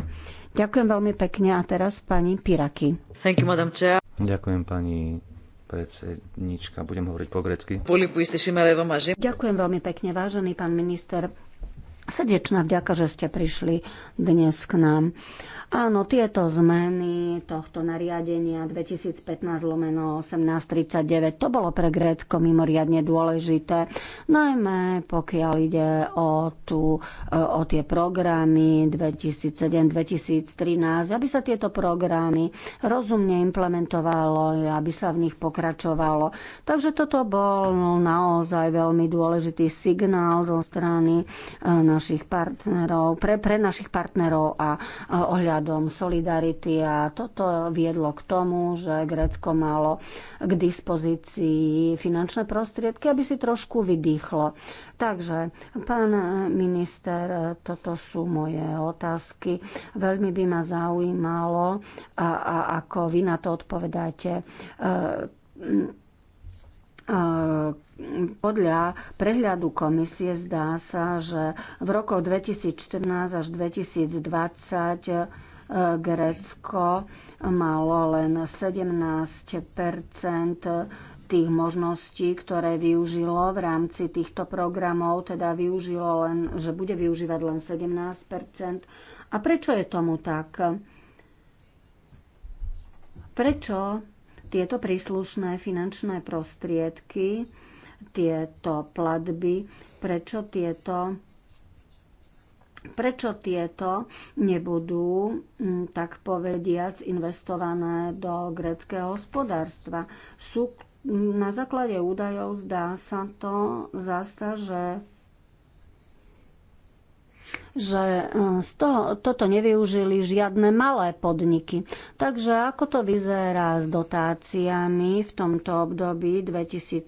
Ďakujem veľmi pekne a teraz pani Piraky. Thank you, madam chair. Ďakujem pani predsednička. Budem hovoriť po grecky. Ďakujem veľmi pekne, vážený pán minister. Srdečná vďaka, že ste prišli dnes k nám. Áno, tieto zmeny tohto nariadenia 2015 lomeno 1839, to bolo pre Grécko mimoriadne dôležité, najmä pokiaľ ide o, tú, e, o tie programy 2007-2013, aby sa tieto programy rozumne implementovalo, aby sa v nich pokračovalo. Takže toto bol naozaj veľmi dôležitý signál zo strany e, našich partnerov, pre, pre našich partnerov a ohľadom solidarity. A toto viedlo k tomu, že Grécko malo k dispozícii finančné prostriedky, aby si trošku vydýchlo. Takže, pán minister, toto sú moje otázky. Veľmi by ma zaujímalo, a, a ako vy na to odpovedáte. E, Eh, podľa prehľadu komisie zdá sa, že v rokoch 2014 až 2020 eh, Grécko malo len 17 tých možností, ktoré využilo v rámci týchto programov, teda využilo len, že bude využívať len 17 A prečo je tomu tak? Prečo tieto príslušné finančné prostriedky, tieto platby, prečo tieto prečo tieto nebudú, mm, tak povediac, investované do greckého hospodárstva. Sú na základe údajov zdá sa to, zdá že že e, z toho, toto nevyužili žiadne malé podniky. Takže ako to vyzerá s dotáciami v tomto období 2007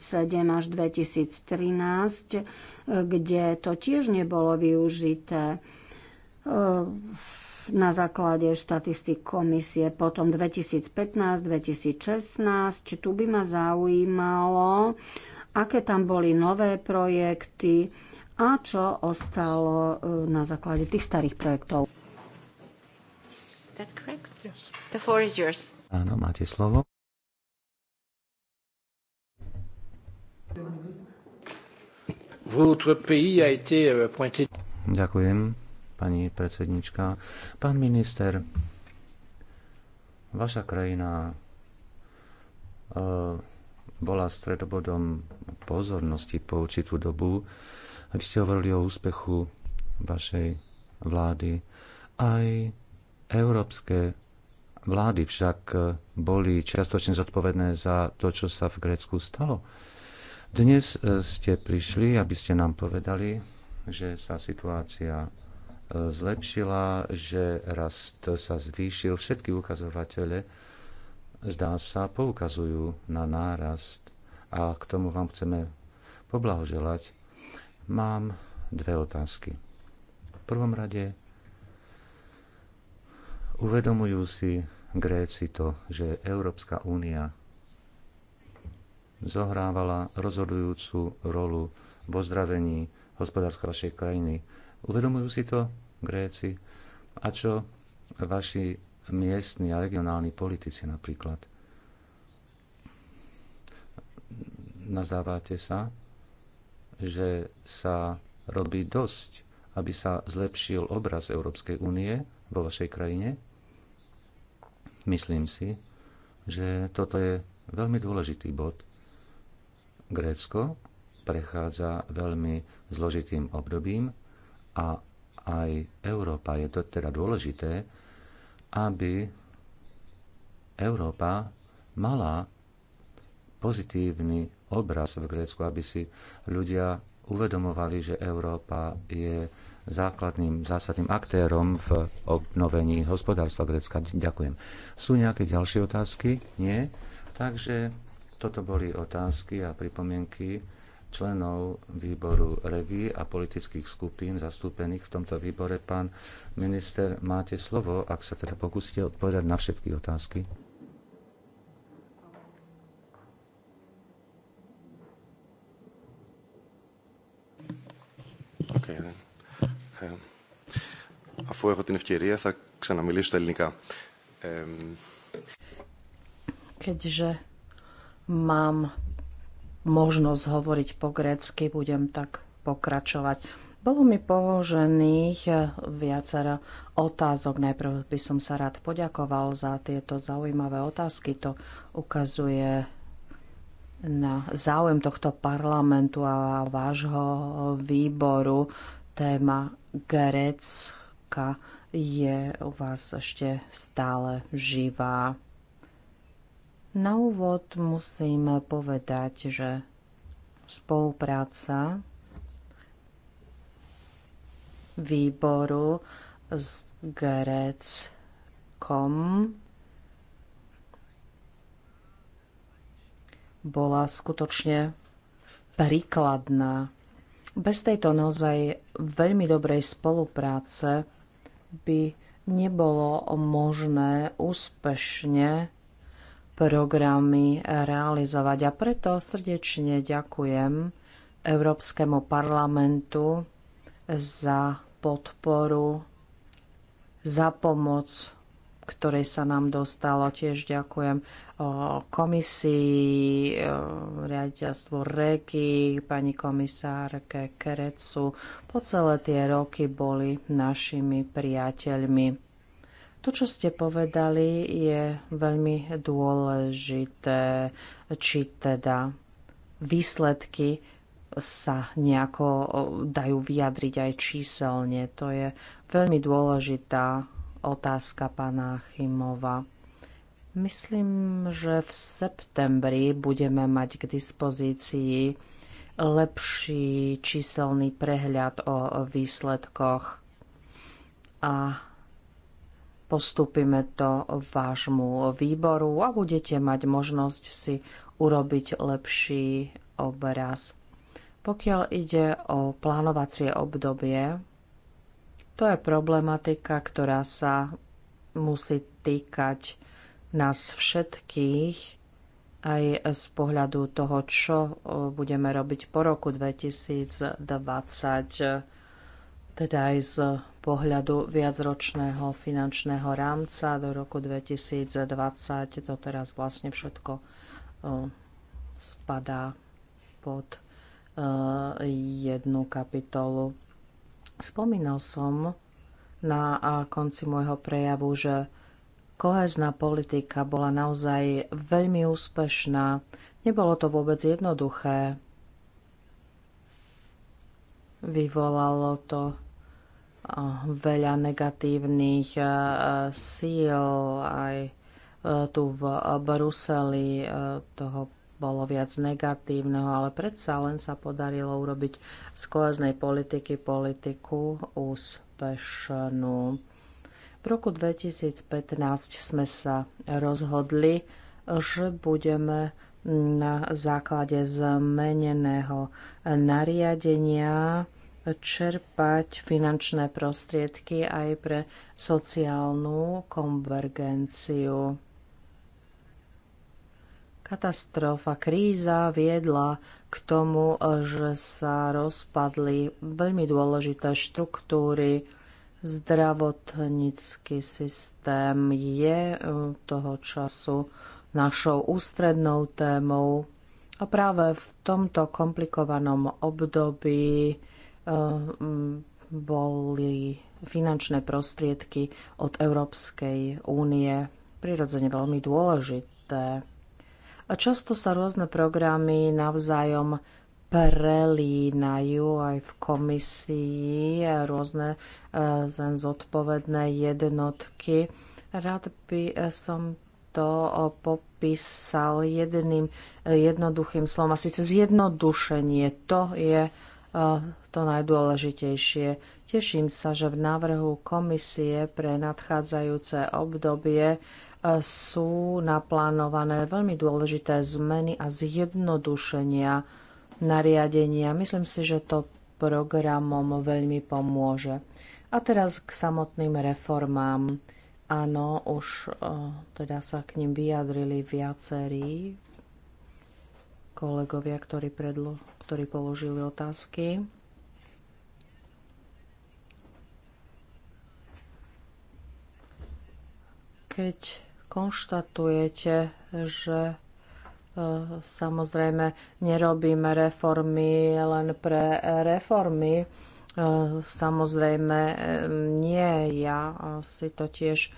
až 2013, e, kde to tiež nebolo využité e, na základe štatistik komisie, potom 2015-2016. Tu by ma zaujímalo, aké tam boli nové projekty, a čo ostalo e, na základe tých starých projektov. Áno, máte slovo. Euh, Ďakujem, pani predsednička. Pán minister, vaša krajina e, bola stredobodom pozornosti po určitú dobu aby ste hovorili o úspechu vašej vlády. Aj európske vlády však boli čiastočne zodpovedné za to, čo sa v Grécku stalo. Dnes e, ste prišli, aby ste nám povedali, že sa situácia e, zlepšila, že rast sa zvýšil. Všetky ukazovatele, zdá sa, poukazujú na nárast. A k tomu vám chceme poblahoželať. Mám dve otázky. V prvom rade uvedomujú si Gréci to, že Európska únia zohrávala rozhodujúcu rolu v ozdravení hospodárstva vašej krajiny. Uvedomujú si to Gréci? A čo vaši miestni a regionálni politici napríklad? Nazdávate sa, že sa robí dosť, aby sa zlepšil obraz Európskej únie vo vašej krajine? Myslím si, že toto je veľmi dôležitý bod. Grécko prechádza veľmi zložitým obdobím a aj Európa je to teda dôležité, aby Európa mala pozitívny obraz v Grécku, aby si ľudia uvedomovali, že Európa je základným, zásadným aktérom v obnovení hospodárstva Grécka. Ďakujem. Sú nejaké ďalšie otázky? Nie? Takže toto boli otázky a pripomienky členov výboru regií a politických skupín zastúpených v tomto výbore. Pán minister, máte slovo, ak sa teda pokúsite odpovedať na všetky otázky. Okay, ε, αφού έχω την ευκαιρία θα ξαναμιλήσω στα ελληνικά. Ε, Keďže mám možnosť hovoriť po grécky, budem tak pokračovať. Bolo mi položených eh, viacero otázok. Najprv by som sa rád poďakoval za tieto zaujímavé otázky. To ukazuje na záujem tohto parlamentu a vášho výboru. Téma Grécka je u vás ešte stále živá. Na úvod musím povedať, že spolupráca výboru s Gréckom bola skutočne príkladná. Bez tejto naozaj veľmi dobrej spolupráce by nebolo možné úspešne programy realizovať. A preto srdečne ďakujem Európskemu parlamentu za podporu, za pomoc ktorej sa nám dostalo. Tiež ďakujem komisii, riaditeľstvo reky, pani komisárke Kerecu. Po celé tie roky boli našimi priateľmi. To, čo ste povedali, je veľmi dôležité, či teda výsledky sa nejako dajú vyjadriť aj číselne. To je veľmi dôležitá otázka pána Chimova. Myslím, že v septembri budeme mať k dispozícii lepší číselný prehľad o výsledkoch a postupíme to vášmu výboru a budete mať možnosť si urobiť lepší obraz. Pokiaľ ide o plánovacie obdobie, to je problematika, ktorá sa musí týkať nás všetkých aj z pohľadu toho, čo e, budeme robiť po roku 2020, teda aj z pohľadu viacročného finančného rámca do roku 2020. To teraz vlastne všetko e, spadá pod e, jednu kapitolu. Spomínal som na konci môjho prejavu, že kohezná politika bola naozaj veľmi úspešná. Nebolo to vôbec jednoduché. Vyvolalo to veľa negatívnych síl aj tu v Bruseli toho bolo viac negatívneho, ale predsa len sa podarilo urobiť z koheznej politiky politiku úspešnú. V roku 2015 sme sa rozhodli, že budeme na základe zmeneného nariadenia čerpať finančné prostriedky aj pre sociálnu konvergenciu. Katastrofa, kríza viedla k tomu, že sa rozpadli veľmi dôležité štruktúry, zdravotnícky systém je e, toho času našou ústrednou témou a práve v tomto komplikovanom období e, boli finančné prostriedky od Európskej únie prirodzene veľmi dôležité. Často sa rôzne programy navzájom prelínajú aj v komisii rôzne e, zen zodpovedné jednotky. Rád by som to popísal jedným e, jednoduchým slovom, a síce zjednodušenie. To je e, to najdôležitejšie. Teším sa, že v návrhu komisie pre nadchádzajúce obdobie sú naplánované veľmi dôležité zmeny a zjednodušenia nariadenia. Myslím si, že to programom veľmi pomôže. A teraz k samotným reformám. Áno, už eh, teda sa k ním vyjadrili viacerí kolegovia, ktorí, predlo, ktorí položili otázky. Keď konštatujete, že e, samozrejme nerobíme reformy len pre reformy. E, samozrejme e, nie, ja si to tiež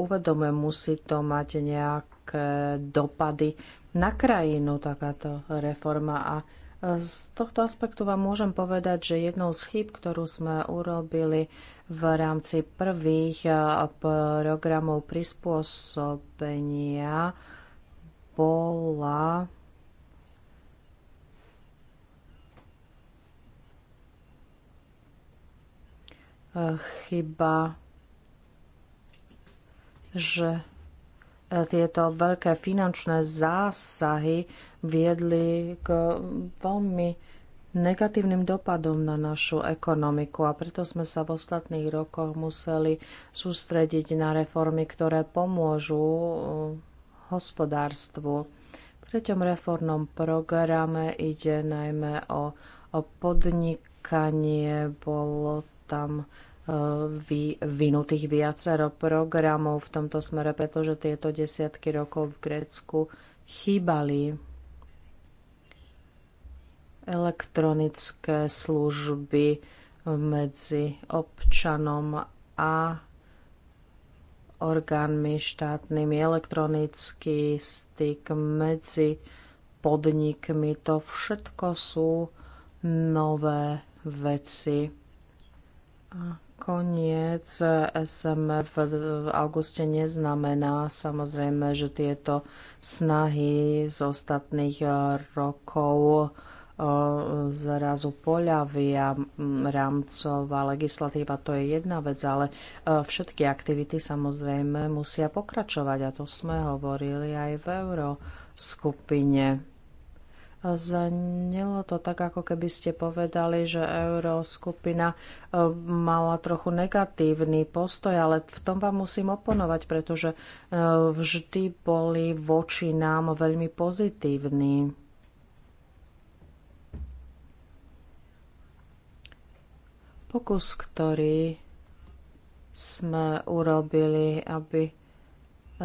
uvedomujem, musí to mať nejaké dopady na krajinu takáto reforma a z tohto aspektu vám môžem povedať, že jednou z chyb, ktorú sme urobili v rámci prvých programov prispôsobenia, bola chyba, že tieto veľké finančné zásahy viedli k veľmi negatívnym dopadom na našu ekonomiku a preto sme sa v ostatných rokoch museli sústrediť na reformy, ktoré pomôžu eh, hospodárstvu. V treťom reformnom programe ide najmä o, o podnikanie. Bolo tam vyvinutých viacero programov v tomto smere, pretože tieto desiatky rokov v Grécku chýbali elektronické služby medzi občanom a orgánmi štátnymi, elektronický styk medzi podnikmi. To všetko sú nové veci. A koniec SMF v auguste neznamená samozrejme, že tieto snahy z ostatných eh, rokov eh, zrazu poľavia rámcová legislatíva, to je jedna vec, ale eh, všetky aktivity samozrejme musia pokračovať a to sme hovorili aj v euroskupine. Znelo to tak, ako keby ste povedali, že euroskupina e, mala trochu negatívny postoj, ale v tom vám musím oponovať, pretože e, vždy boli voči nám veľmi pozitívni. Pokus, ktorý sme urobili, aby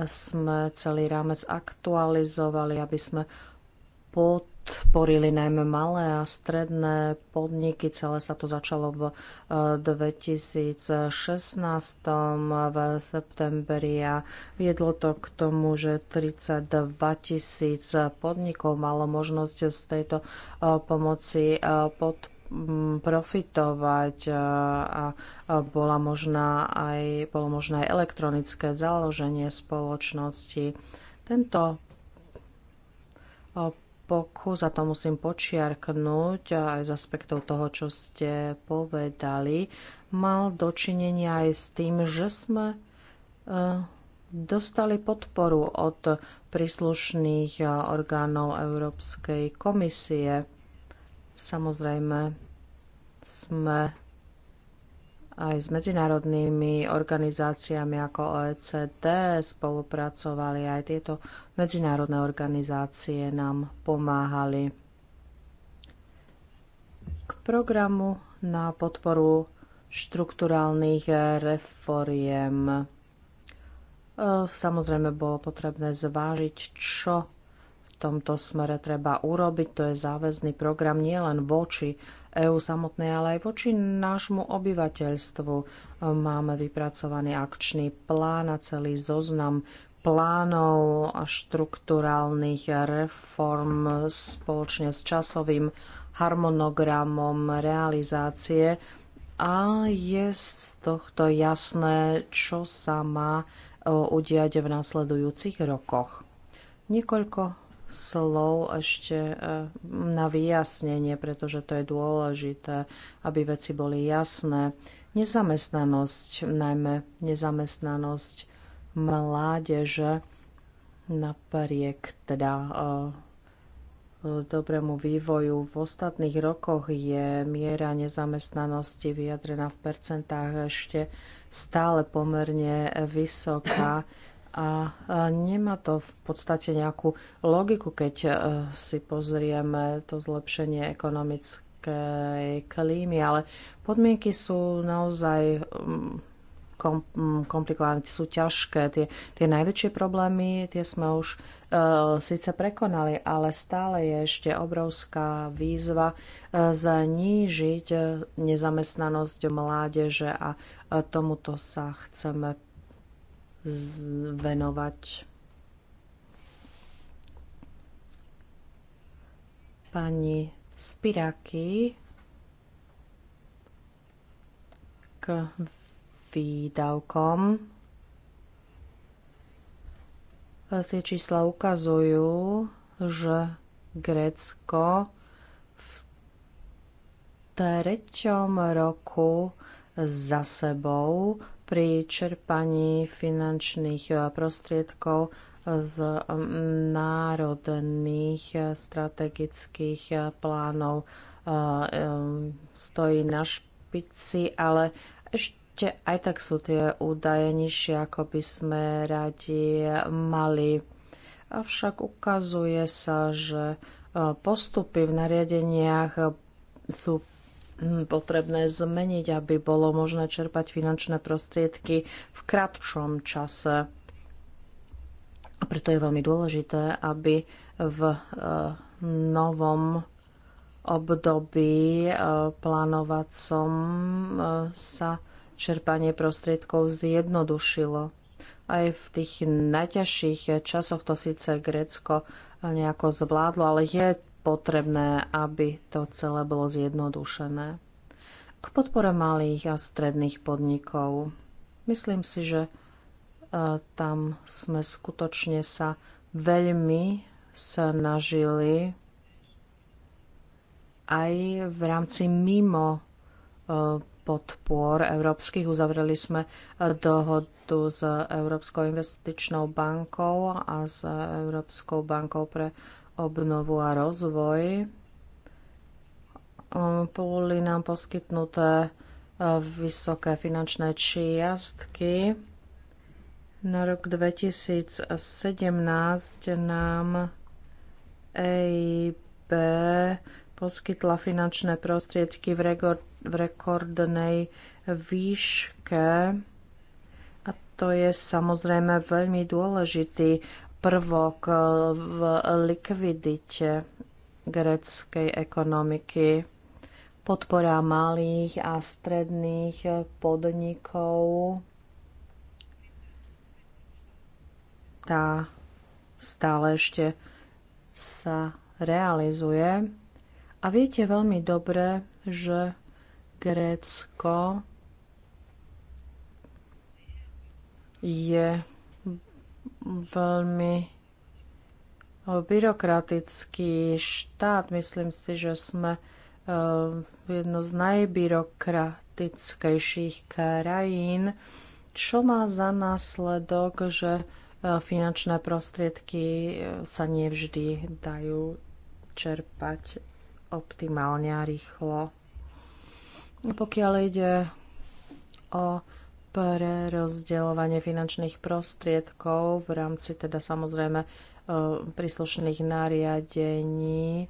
sme celý rámec aktualizovali, aby sme pod podporili najmä malé a stredné podniky. Celé sa to začalo v 2016 e, v septembri a viedlo to k tomu, že 32 tisíc podnikov malo možnosť z tejto e, pomoci e, podporiť profitovať a bola možná aj, bolo možné aj elektronické založenie spoločnosti. Tento pokus, a to musím počiarknúť aj z aspektov toho, čo ste povedali, mal dočinenia aj s tým, že sme e, dostali podporu od príslušných e, orgánov Európskej komisie. Samozrejme, sme aj s medzinárodnými organizáciami ako OECD spolupracovali, aj tieto medzinárodné organizácie nám pomáhali. K programu na podporu štrukturálnych reforiem. E, samozrejme bolo potrebné zvážiť, čo v tomto smere treba urobiť. To je záväzný program nielen voči EÚ samotnej, ale aj voči nášmu obyvateľstvu. Máme vypracovaný akčný plán a celý zoznam plánov a štruktúrálnych reform spoločne s časovým harmonogramom realizácie a je z tohto jasné, čo sa má eh, udiať v nasledujúcich rokoch. Niekoľko slov ešte e, na vyjasnenie, pretože to je dôležité, aby veci boli jasné. Nezamestnanosť, najmä nezamestnanosť mládeže, napriek teda e, dobrému vývoju v ostatných rokoch je miera nezamestnanosti vyjadrená v percentách ešte stále pomerne vysoká. A nemá to v podstate nejakú logiku, keď e, si pozrieme to zlepšenie ekonomickej klímy, ale podmienky sú naozaj mm, mm, komplikované, sú ťažké. Tie, tie najväčšie problémy, tie sme už uh, síce prekonali, ale stále je ešte obrovská výzva uh, znížiť nezamestnanosť mládeže a uh, tomuto sa chceme venovať. Pani Spiraky k výdavkom. Tie čísla ukazujú, že Grécko v treťom roku za sebou pri čerpaní finančných eh, prostriedkov z mm, národných eh, strategických eh, plánov stojí na špici, ale ešte aj tak sú tie údaje nižšie, ako by sme radi mali. Avšak ukazuje sa, že postupy v nariadeniach sú Hm, potrebné zmeniť, aby bolo možné čerpať finančné prostriedky v kratšom čase. A preto je veľmi dôležité, aby v eh, novom období eh, plánovacom eh, sa čerpanie prostriedkov zjednodušilo. Aj v tých najťažších časoch to síce Grécko nejako zvládlo, ale je potrebné, aby to celé bolo zjednodušené. K podpore malých a stredných podnikov. Myslím si, že e, tam sme skutočne sa veľmi snažili aj v rámci mimo e, podpor európskych. Uzavreli sme e, dohodu s Európskou investičnou bankou a s Európskou bankou pre obnovu a rozvoj. Ehm, boli nám poskytnuté e, vysoké finančné čiastky. Na rok 2017 nám EIB poskytla finančné prostriedky v, rekord, v rekordnej výške. A to je samozrejme veľmi dôležitý prvok eh, v likvidite gréckej ekonomiky, podpora malých a stredných eh, podnikov, tá stále ešte sa realizuje. A viete veľmi dobre, že Grécko je veľmi byrokratický štát. Myslím si, že sme eh, jedno z najbyrokratickejších krajín, čo má za následok, že eh, finančné prostriedky eh, sa nevždy dajú čerpať optimálne a rýchlo. Pokiaľ ide o pre rozdeľovanie finančných prostriedkov v rámci teda samozrejme e, príslušných nariadení.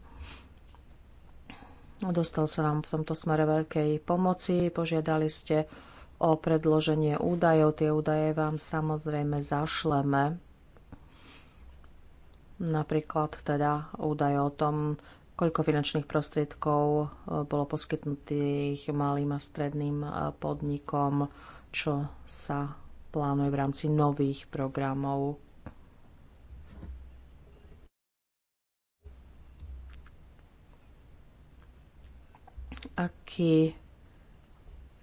Dostal sa nám v tomto smere veľkej pomoci. Požiadali ste o predloženie údajov. Tie údaje vám samozrejme zašleme. Napríklad teda údaje o tom, koľko finančných prostriedkov e, bolo poskytnutých malým a stredným e, podnikom, čo sa plánuje v rámci nových programov. Aký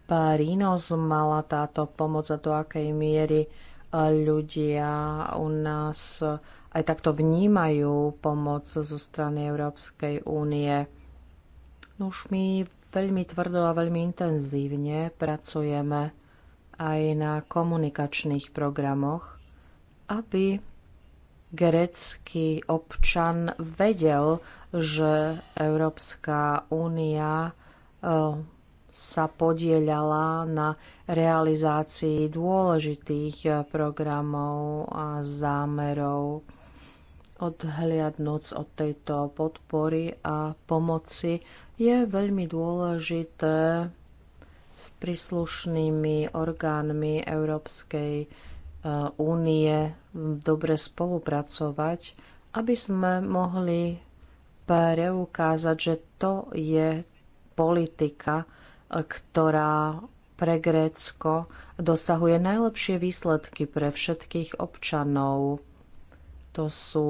prínos mala táto pomoc a do akej miery eh, ľudia u nás eh, aj takto vnímajú pomoc zo strany Európskej únie. No už my veľmi tvrdo a veľmi intenzívne pracujeme aj na komunikačných programoch, aby grécky občan vedel, že Európska únia eh, sa podielala na realizácii dôležitých eh, programov a zámerov odhliadnúc od tejto podpory a pomoci, je veľmi dôležité s príslušnými orgánmi Európskej e, únie dobre spolupracovať, aby sme mohli preukázať, že to je politika, e, ktorá pre Grécko dosahuje najlepšie výsledky pre všetkých občanov. To sú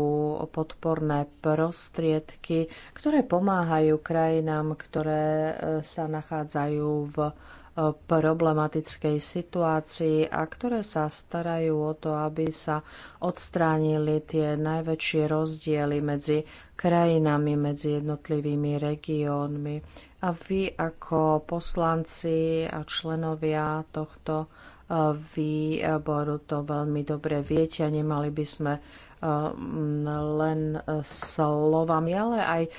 podporné prostriedky, ktoré pomáhajú krajinám, ktoré e, sa nachádzajú v problematickej situácii a ktoré sa starajú o to, aby sa odstránili tie najväčšie rozdiely medzi krajinami, medzi jednotlivými regiónmi. A vy ako poslanci a členovia tohto eh, výboru to veľmi dobre viete a nemali by sme Ehm, len e, slovami, ale aj e,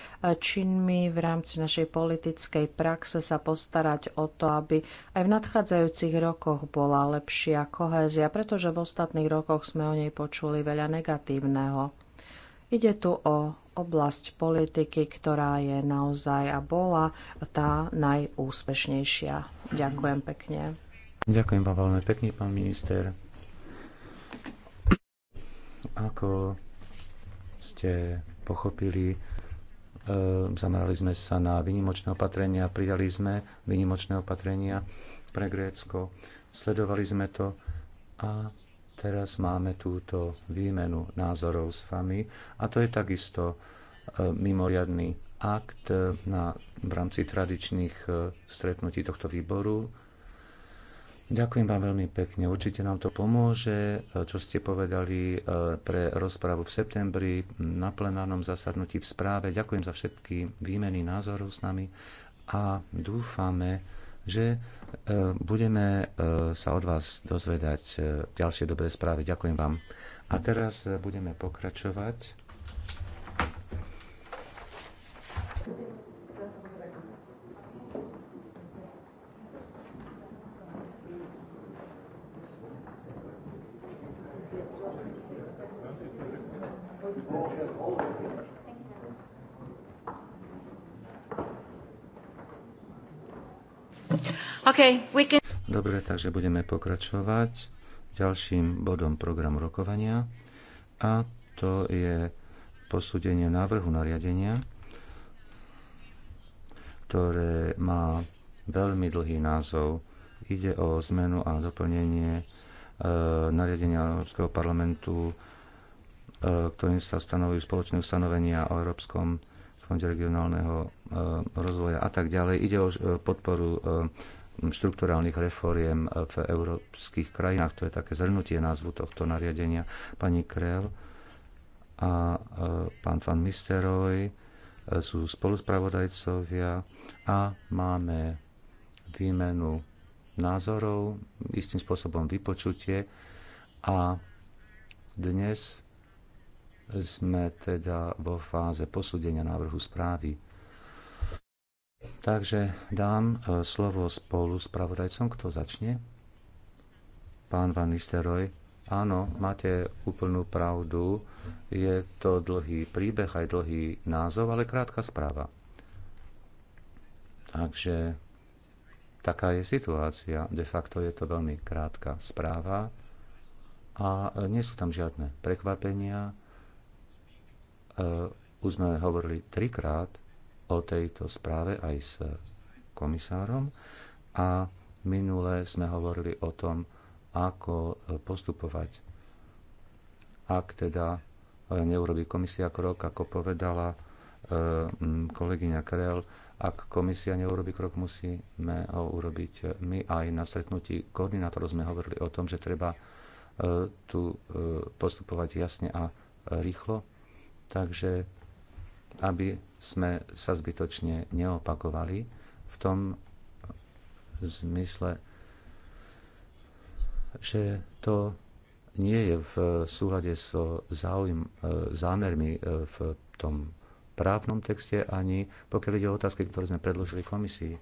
činmi v rámci našej politickej praxe sa postarať o to, aby aj v nadchádzajúcich rokoch bola lepšia kohézia, pretože v ostatných rokoch sme o nej počuli veľa negatívneho. Ide tu o oblasť politiky, ktorá je naozaj a bola tá najúspešnejšia. Ďakujem pekne. Ďakujem vám veľmi pekne, pán minister. Ako ste pochopili, e, zamerali sme sa na vynimočné opatrenia, pridali sme vynimočné opatrenia pre Grécko, sledovali sme to a teraz máme túto výmenu názorov s vami a to je takisto e, mimoriadný akt e, na, v rámci tradičných stretnutí tohto výboru Ďakujem vám veľmi pekne. Určite nám to pomôže, eh, čo ste povedali eh, pre rozprávu v septembri na plenárnom zasadnutí v správe. Ďakujem za všetky výmeny názorov s nami a dúfame, že eh, budeme sa od vás dozvedať ďalšie dobré správy. Ďakujem vám. A teraz budeme pokračovať Okay, we can... Dobre, takže budeme pokračovať ďalším bodom programu rokovania a to je posúdenie návrhu nariadenia, ktoré má veľmi dlhý názov. Ide o zmenu a doplnenie e, nariadenia Európskeho parlamentu, e, ktorým sa stanovujú spoločné ustanovenia o Európskom fonde regionálneho e, rozvoja a tak ďalej. Ide o e, podporu e, štrukturálnych reforiem v európskych krajinách. To je také zhrnutie názvu tohto nariadenia. Pani Krell a e, pán Van Misteroj e, sú spoluspravodajcovia a máme výmenu názorov, istým spôsobom vypočutie a dnes sme teda vo fáze posúdenia návrhu správy. Takže dám e, slovo spolu s pravodajcom. Kto začne? Pán Van Nisteroj. Áno, máte úplnú pravdu. Je to dlhý príbeh, aj dlhý názov, ale krátka správa. Takže taká je situácia. De facto je to veľmi krátka správa a e, nie sú tam žiadne prekvapenia. E, už sme hovorili trikrát o tejto správe aj s komisárom a minule sme hovorili o tom, ako postupovať. Ak teda e, neurobí komisia krok, ako povedala e, kolegyňa Krel, ak komisia neurobi krok, musíme ho urobiť my. Aj na stretnutí koordinátorov sme hovorili o tom, že treba e, tu postupovať jasne a rýchlo. Takže aby sme sa zbytočne neopakovali v tom zmysle, že to nie je v súlade so záujm, e, zámermi e, v tom právnom texte, ani pokiaľ ide o otázky, ktoré sme predložili komisii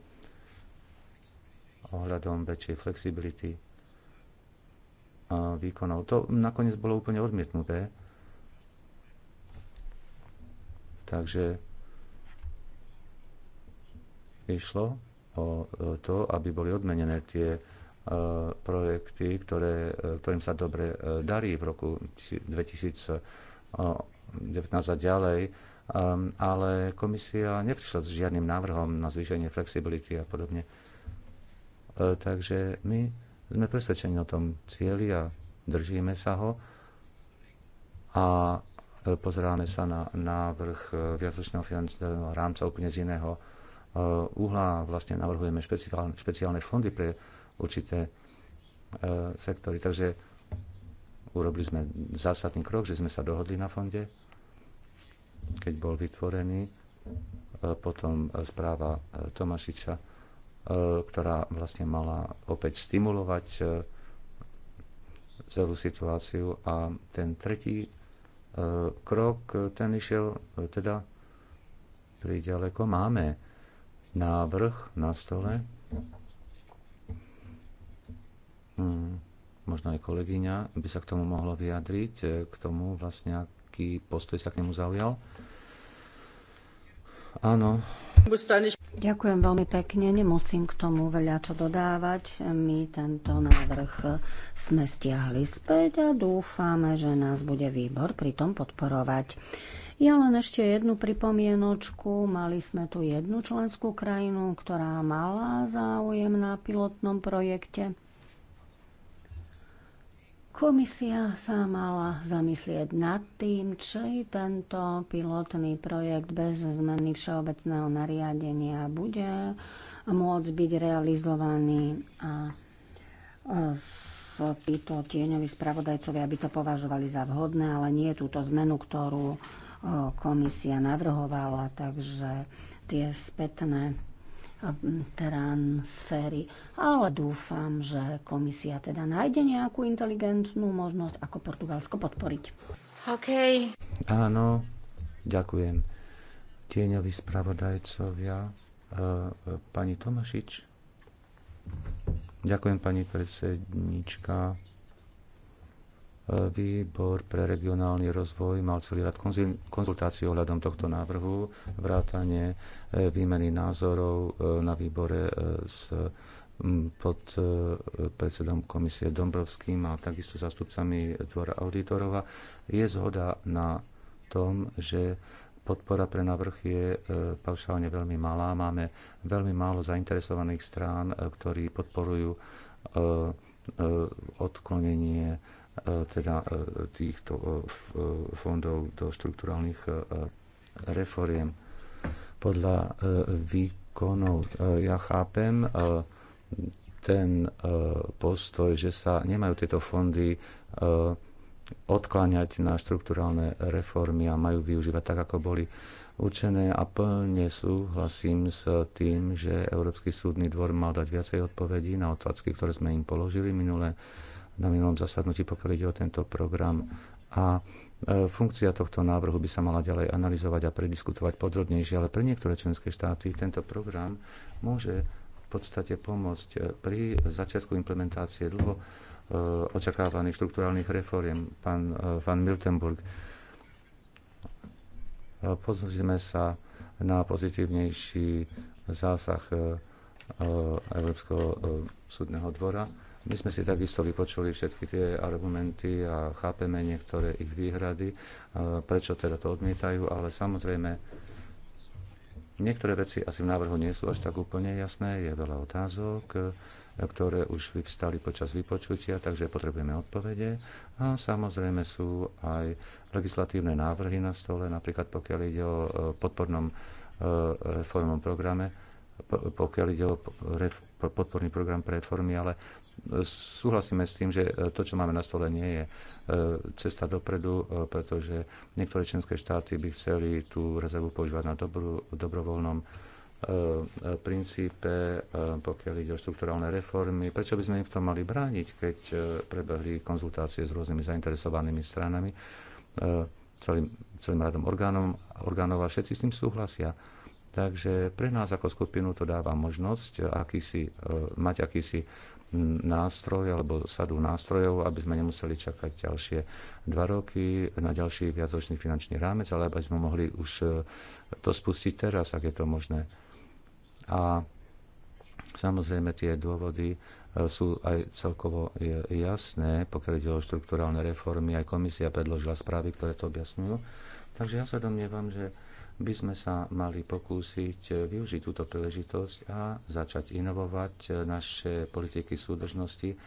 ohľadom väčšej flexibility a výkonov. To nakoniec bolo úplne odmietnuté Takže išlo o to, aby boli odmenené tie e, projekty, ktoré, e, ktorým sa dobre e, darí v roku 2019 a ďalej, ehm, ale komisia neprišla s žiadnym návrhom na zvýšenie flexibility a podobne. Takže my sme presvedčení o tom cieli a držíme sa ho a pozeráme sa na návrh e, viacročného finančného rámca úplne z iného e, uhla. Vlastne navrhujeme špeciálne, špeciálne fondy pre určité e, sektory. Takže urobili sme zásadný krok, že sme sa dohodli na fonde, keď bol vytvorený. Potom správa Tomašiča, ktorá vlastne mala opäť stimulovať celú situáciu. A ten tretí Eh, krok, eh, ten išiel eh, teda príďaleko. Máme návrh na stole. Hmm, možno aj kolegyňa by sa k tomu mohlo vyjadriť, k tomu vlastne, aký postoj sa k nemu zaujal. Áno. Ďakujem veľmi pekne. Nemusím k tomu veľa čo dodávať. My tento návrh sme stiahli späť a dúfame, že nás bude výbor pri tom podporovať. Ja len ešte jednu pripomienočku. Mali sme tu jednu členskú krajinu, ktorá mala záujem na pilotnom projekte Komisia sa mala zamyslieť nad tým, či tento pilotný projekt bez zmeny všeobecného nariadenia bude môcť byť realizovaný a títo tieňoví spravodajcovi, aby to považovali za vhodné, ale nie túto zmenu, ktorú komisia navrhovala, takže tie spätné transfery. Ale dúfam, že komisia teda nájde nejakú inteligentnú možnosť, ako Portugalsko podporiť. OK. Áno, ďakujem. Tieňoví spravodajcovia, e, e, pani Tomašič. Ďakujem, pani predsednička. Výbor pre regionálny rozvoj mal celý rad konzultácií ohľadom tohto návrhu, vrátanie e, výmeny názorov e, na výbore e, s pod predsedom komisie Dombrovským a takisto zastupcami dvora auditorova, je zhoda na tom, že podpora pre návrh je paušálne veľmi malá. Máme veľmi málo zainteresovaných strán, ktorí podporujú odklonenie E, teda e, týchto e, fondov do štrukturálnych reforiem podľa výkonov. Ja chápem ten postoj, že sa nemajú tieto fondy odkláňať na štrukturálne reformy a majú využívať tak, ako boli určené a plne súhlasím s tým, že Európsky súdny dvor mal dať viacej odpovedí na otázky, ktoré sme im položili minulé na minulom zasadnutí, pokiaľ ide o tento program. A e, funkcia tohto návrhu by sa mala ďalej analyzovať a prediskutovať podrobnejšie, ale pre niektoré členské štáty tento program môže v podstate pomôcť e, pri začiatku implementácie dlho e, očakávaných štruktúrálnych reforiem. Pán Van Miltenburg, pozrieme sa na pozitívnejší zásah Európskeho súdneho dvora my sme si takisto vypočuli všetky tie argumenty a chápeme niektoré ich výhrady, prečo teda to odmietajú, ale samozrejme niektoré veci asi v návrhu nie sú až tak úplne jasné, je veľa otázok, ktoré už vyvstali počas vypočutia, takže potrebujeme odpovede. A samozrejme sú aj legislatívne návrhy na stole, napríklad pokiaľ ide o e, podpornom e, reformnom programe, pokiaľ ide o podporný program pre reformy, ale súhlasíme s tým, že e, to, čo máme na stole, nie je e, cesta dopredu, e, pretože niektoré členské štáty by chceli tú rezervu používať na dobro, dobrovoľnom princípe, pokiaľ ide o štrukturálne reformy. Prečo by sme im v tom mali brániť, keď prebehli konzultácie s rôznymi zainteresovanými stranami, celým, celým radom orgánom, orgánov a všetci s tým súhlasia. Takže pre nás ako skupinu to dáva možnosť akýsi, mať akýsi nástroj alebo sadu nástrojov, aby sme nemuseli čakať ďalšie dva roky na ďalší viacročný finančný rámec, ale aby sme mohli už e, to spustiť teraz, ak je to možné. A samozrejme tie dôvody e, sú aj celkovo e, jasné, pokiaľ ide o štruktúrálne reformy, aj komisia predložila správy, ktoré to objasňujú. Takže ja sa domnievam, že by sme sa mali pokúsiť využiť túto príležitosť a začať inovovať naše politiky súdržnosti, e,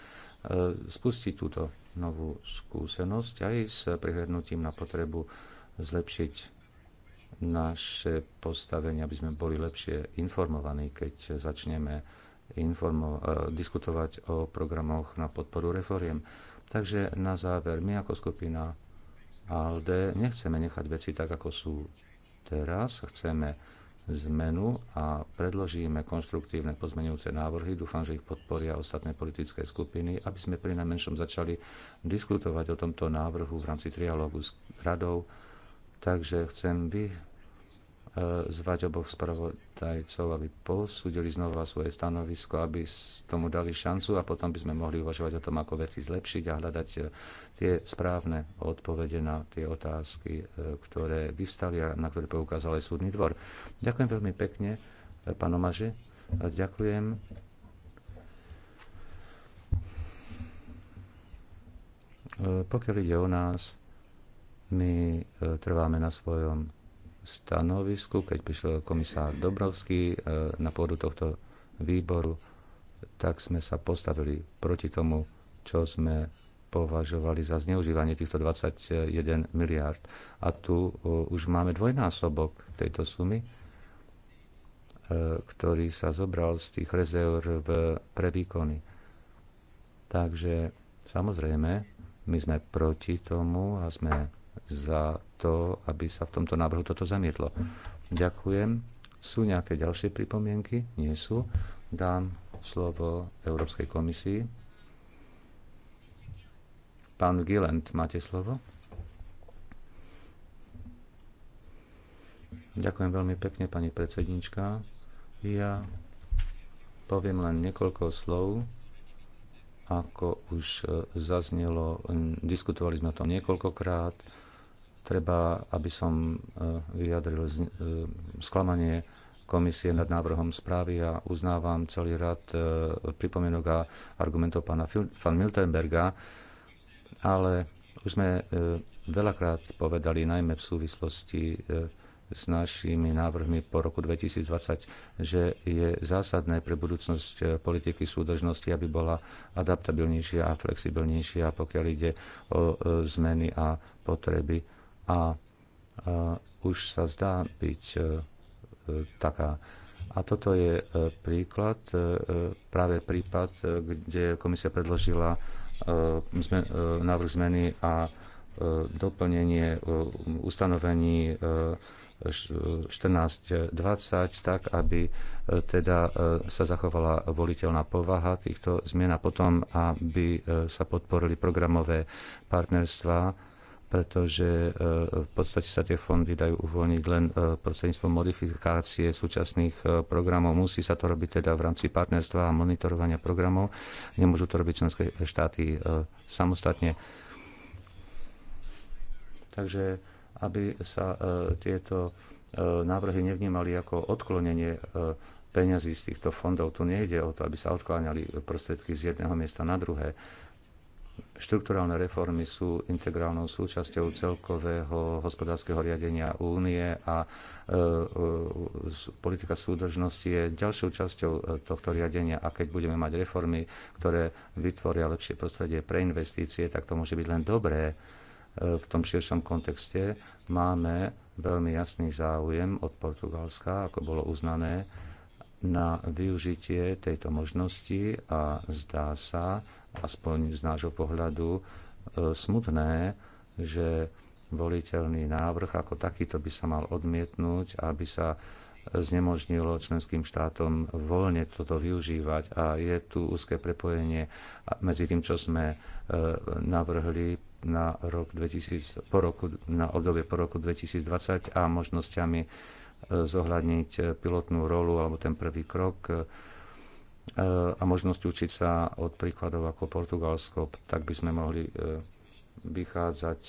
spustiť túto novú skúsenosť aj s prihľadnutím na potrebu zlepšiť naše postavenie, aby sme boli lepšie informovaní, keď začneme informo- e, diskutovať o programoch na podporu reforiem. Takže na záver, my ako skupina ALDE nechceme nechať veci tak, ako sú Teraz chceme zmenu a predložíme konštruktívne pozmenujúce návrhy. Dúfam, že ich podporia ostatné politické skupiny, aby sme pri najmenšom začali diskutovať o tomto návrhu v rámci trialógu s radou. Takže chcem vy E, zvať oboch spravodajcov, aby posúdili znova svoje stanovisko, aby tomu dali šancu a potom by sme mohli uvažovať o tom, ako veci zlepšiť a hľadať e, tie správne odpovede na tie otázky, e, ktoré vyvstali a na ktoré poukázal aj súdny dvor. Ďakujem veľmi pekne, pán Omaže. Ďakujem. Pokiaľ ide o nás, my trváme na svojom stanovisku, keď prišiel komisár Dobrovský e, na pôdu tohto výboru, tak sme sa postavili proti tomu, čo sme považovali za zneužívanie týchto 21 miliárd. A tu e, už máme dvojnásobok tejto sumy, e, ktorý sa zobral z tých rezerv pre výkony. Takže samozrejme, my sme proti tomu a sme za to, aby sa v tomto návrhu toto zamietlo. Ďakujem. Sú nejaké ďalšie pripomienky? Nie sú. Dám slovo Európskej komisii. Pán Gilent, máte slovo? Ďakujem veľmi pekne, pani predsednička. Ja poviem len niekoľko slov ako už e, zaznelo, diskutovali sme o tom niekoľkokrát, treba, aby som e, vyjadril e, sklamanie komisie nad návrhom správy a uznávam celý rad e, pripomienok a argumentov pána van Miltenberga, ale už sme veľakrát povedali, najmä v súvislosti s našimi návrhmi po roku 2020, že je zásadné pre budúcnosť politiky súdržnosti, aby bola adaptabilnejšia a flexibilnejšia, pokiaľ ide o zmeny a potreby a, a už sa zdá byť e, taká. A toto je e, príklad, e, e práve prípad, e, kde komisia predložila e, zmen, e, návrh zmeny a e, doplnenie e, ustanovení e, 14.20, tak aby e, teda e, sa zachovala voliteľná povaha týchto zmien a potom, aby sa podporili programové partnerstva pretože e, v podstate sa tie fondy dajú uvoľniť len e, prostredníctvom modifikácie súčasných e, programov. Musí sa to robiť teda v rámci partnerstva a monitorovania programov. Nemôžu to robiť členské štáty samostatne. Takže aby sa tieto návrhy nevnímali ako odklonenie peňazí z týchto fondov. Tu nejde o to, aby sa odkláňali prostriedky z jedného miesta na druhé Štrukturálne reformy sú integrálnou súčasťou celkového hospodárskeho riadenia únie a e, e, politika súdržnosti je ďalšou časťou e, tohto riadenia a keď budeme mať reformy, ktoré vytvoria lepšie prostredie pre investície, tak to môže byť len dobré v tom širšom kontexte máme veľmi jasný záujem od Portugalska, ako bolo uznané, na využitie tejto možnosti a zdá sa, aspoň z nášho pohľadu, e, smutné, že voliteľný návrh ako takýto by sa mal odmietnúť, aby sa znemožnilo členským štátom voľne toto využívať a je tu úzke prepojenie medzi tým, čo sme e, navrhli na rok 2000, po roku, na obdobie po roku 2020 a možnosťami zohľadniť eh, pilotnú rolu alebo ten prvý krok eh, a možnosť učiť sa od príkladov ako Portugalsko, tak by sme mohli eh, vychádzať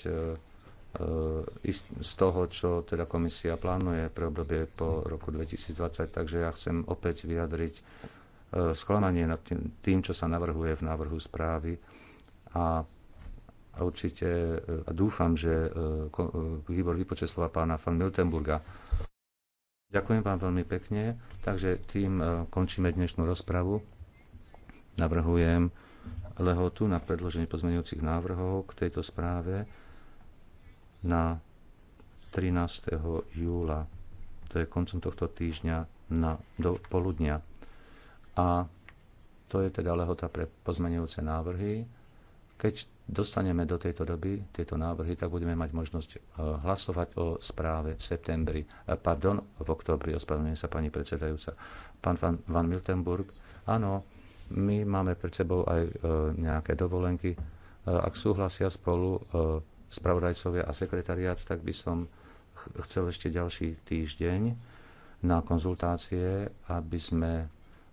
z toho, čo teda komisia plánuje pre obdobie po roku 2020. Takže ja chcem opäť vyjadriť sklamanie nad tým, čo sa navrhuje v návrhu správy a určite a dúfam, že výbor vypočeslova pána van Miltenburga Ďakujem vám veľmi pekne. Takže tým e, končíme dnešnú rozpravu. Navrhujem lehotu na predloženie pozmeňujúcich návrhov k tejto správe na 13. júla, to je koncom tohto týždňa na, do poludnia. A to je teda lehota pre pozmeňujúce návrhy. Keď dostaneme do tejto doby tieto návrhy, tak budeme mať možnosť e, hlasovať o správe v septembri, e, pardon, v oktobri, ospravedlňujem sa pani predsedajúca. Pán Van, Van Miltenburg, áno, my máme pred sebou aj e, nejaké dovolenky. Ak súhlasia spolu spravodajcovia a sekretariát, tak by som chcel ešte ďalší týždeň na konzultácie, aby sme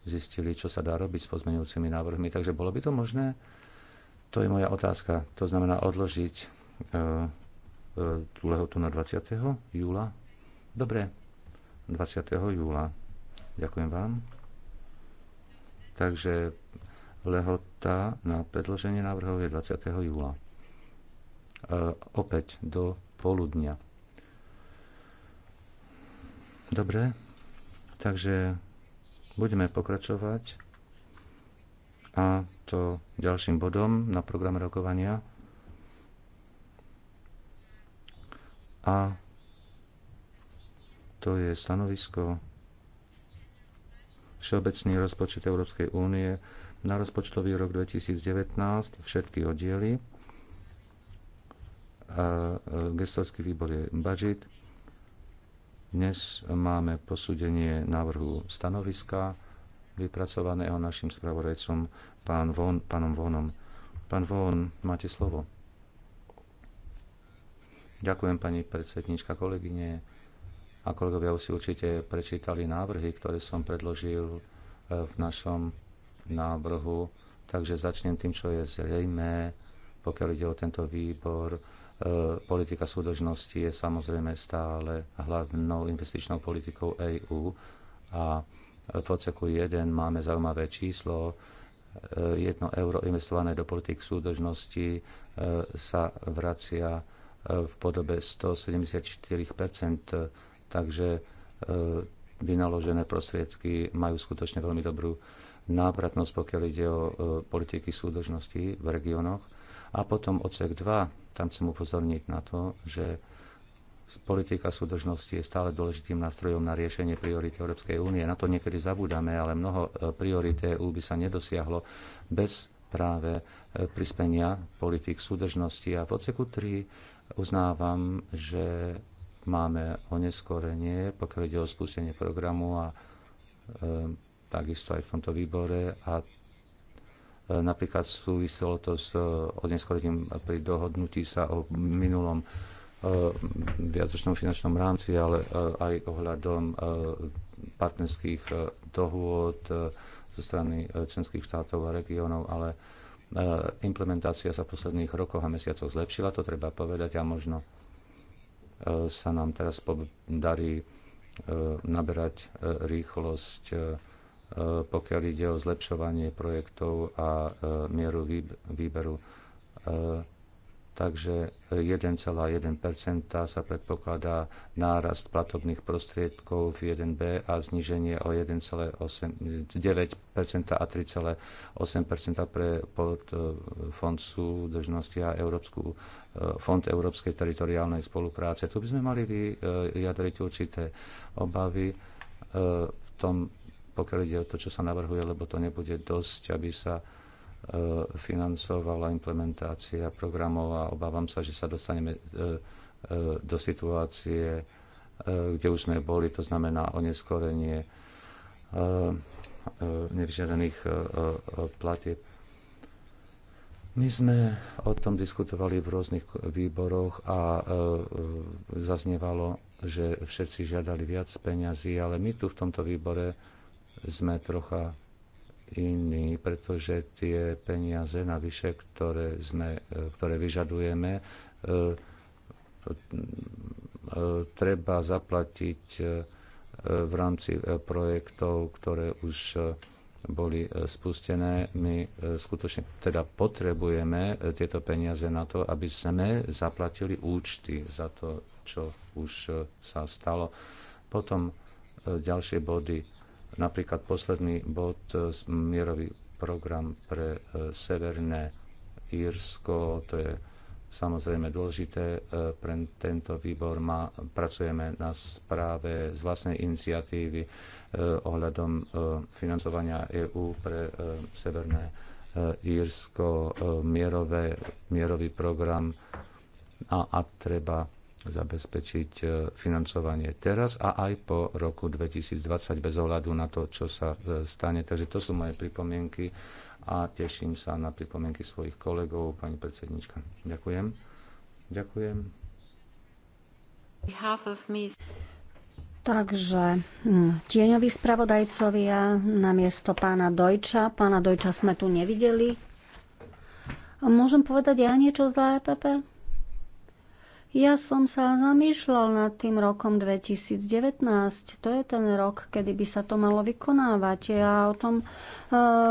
zistili, čo sa dá robiť s pozmeňujúcimi návrhmi. Takže bolo by to možné? To je moja otázka. To znamená odložiť e, e, tú lehotu na 20. júla? Dobre, 20. júla. Ďakujem vám. Takže lehota na predloženie návrhov je 20. júla. E, opäť do poludnia. Dobre, takže budeme pokračovať a to ďalším bodom na program rokovania. A to je stanovisko Všeobecný rozpočet Európskej únie na rozpočtový rok 2019, všetky oddiely. A e, gestorský výbor je budget. Dnes máme posúdenie návrhu stanoviska vypracovaného našim spravodajcom pán Von, pánom Vonom. Pán Von, máte slovo. Ďakujem, pani predsednička, kolegyne a kolegovia už si určite prečítali návrhy, ktoré som predložil eh, v našom návrhu. Takže začnem tým, čo je zrejmé, pokiaľ ide o tento výbor. Eh, politika súdržnosti je samozrejme stále hlavnou investičnou politikou EÚ a v odseku 1 máme zaujímavé číslo. 1 e, euro investované do politik súdržnosti e, sa vracia e, v podobe 174 takže vynaložené prostriedky majú skutočne veľmi dobrú návratnosť, pokiaľ ide o politiky súdržnosti v regiónoch. A potom odsek 2, tam chcem upozorniť na to, že politika súdržnosti je stále dôležitým nástrojom na riešenie priority Európskej únie. Na to niekedy zabúdame, ale mnoho e, priorité EU by sa nedosiahlo bez práve e, prispenia politik súdržnosti. A v oceku 3 uznávam, že máme oneskorenie, pokiaľ ide o spustenie programu a e, takisto aj v tomto výbore a e, Napríklad súviselo to s odneskorením pri dohodnutí sa o minulom viacročnom finančnom rámci, ale e, aj ohľadom e, partnerských e, dohôd zo strany členských štátov a regiónov, ale implementácia sa v posledných rokoch a mesiacoch zlepšila, to treba povedať a možno sa nám teraz darí naberať rýchlosť, pokiaľ ide o zlepšovanie projektov a mieru výberu takže 1,1 sa predpokladá nárast platobných prostriedkov v 1B a zníženie o 1,9 a 3,8 pre pod e, fond súdržnosti a Európsku, e, fond Európskej teritoriálnej spolupráce. Tu by sme mali e, vyjadriť určité obavy v tom, pokiaľ ide o to, čo sa navrhuje, lebo to nebude dosť, aby sa E, financovala implementácia programov a obávam sa, že sa dostaneme e, e, do situácie, kde už sme boli, to znamená oneskorenie nevyžadených platieb. My sme o tom diskutovali v rôznych výboroch a zaznievalo, že všetci žiadali viac peňazí, ale my tu v tomto výbore sme trocha iný, pretože tie peniaze navyše, ktoré, sme, e, ktoré vyžadujeme, e, e, treba zaplatiť v rámci projektov, ktoré už boli spustené. My skutočne teda potrebujeme tieto peniaze na to, aby sme zaplatili účty za to, čo už sa stalo. Potom ďalšie body Napríklad posledný bod, e, mierový program pre e, Severné Írsko, to je samozrejme dôležité e, pre tento výbor. Ma, pracujeme na správe z vlastnej iniciatívy ohľadom financovania EÚ pre Severné Írsko, mierové, mierový program a, no a treba zabezpečiť e, financovanie teraz a aj po roku 2020 bez ohľadu na to, čo sa e, stane. Takže to sú moje pripomienky a teším sa na pripomienky svojich kolegov, pani predsednička. Ďakujem. Ďakujem. Takže mm, tieňoví spravodajcovia na miesto pána Dojča. Pána Dojča sme tu nevideli. Môžem povedať ja niečo za EPP? Ja som sa zamýšľal nad tým rokom 2019. To je ten rok, kedy by sa to malo vykonávať. Ja o tom e,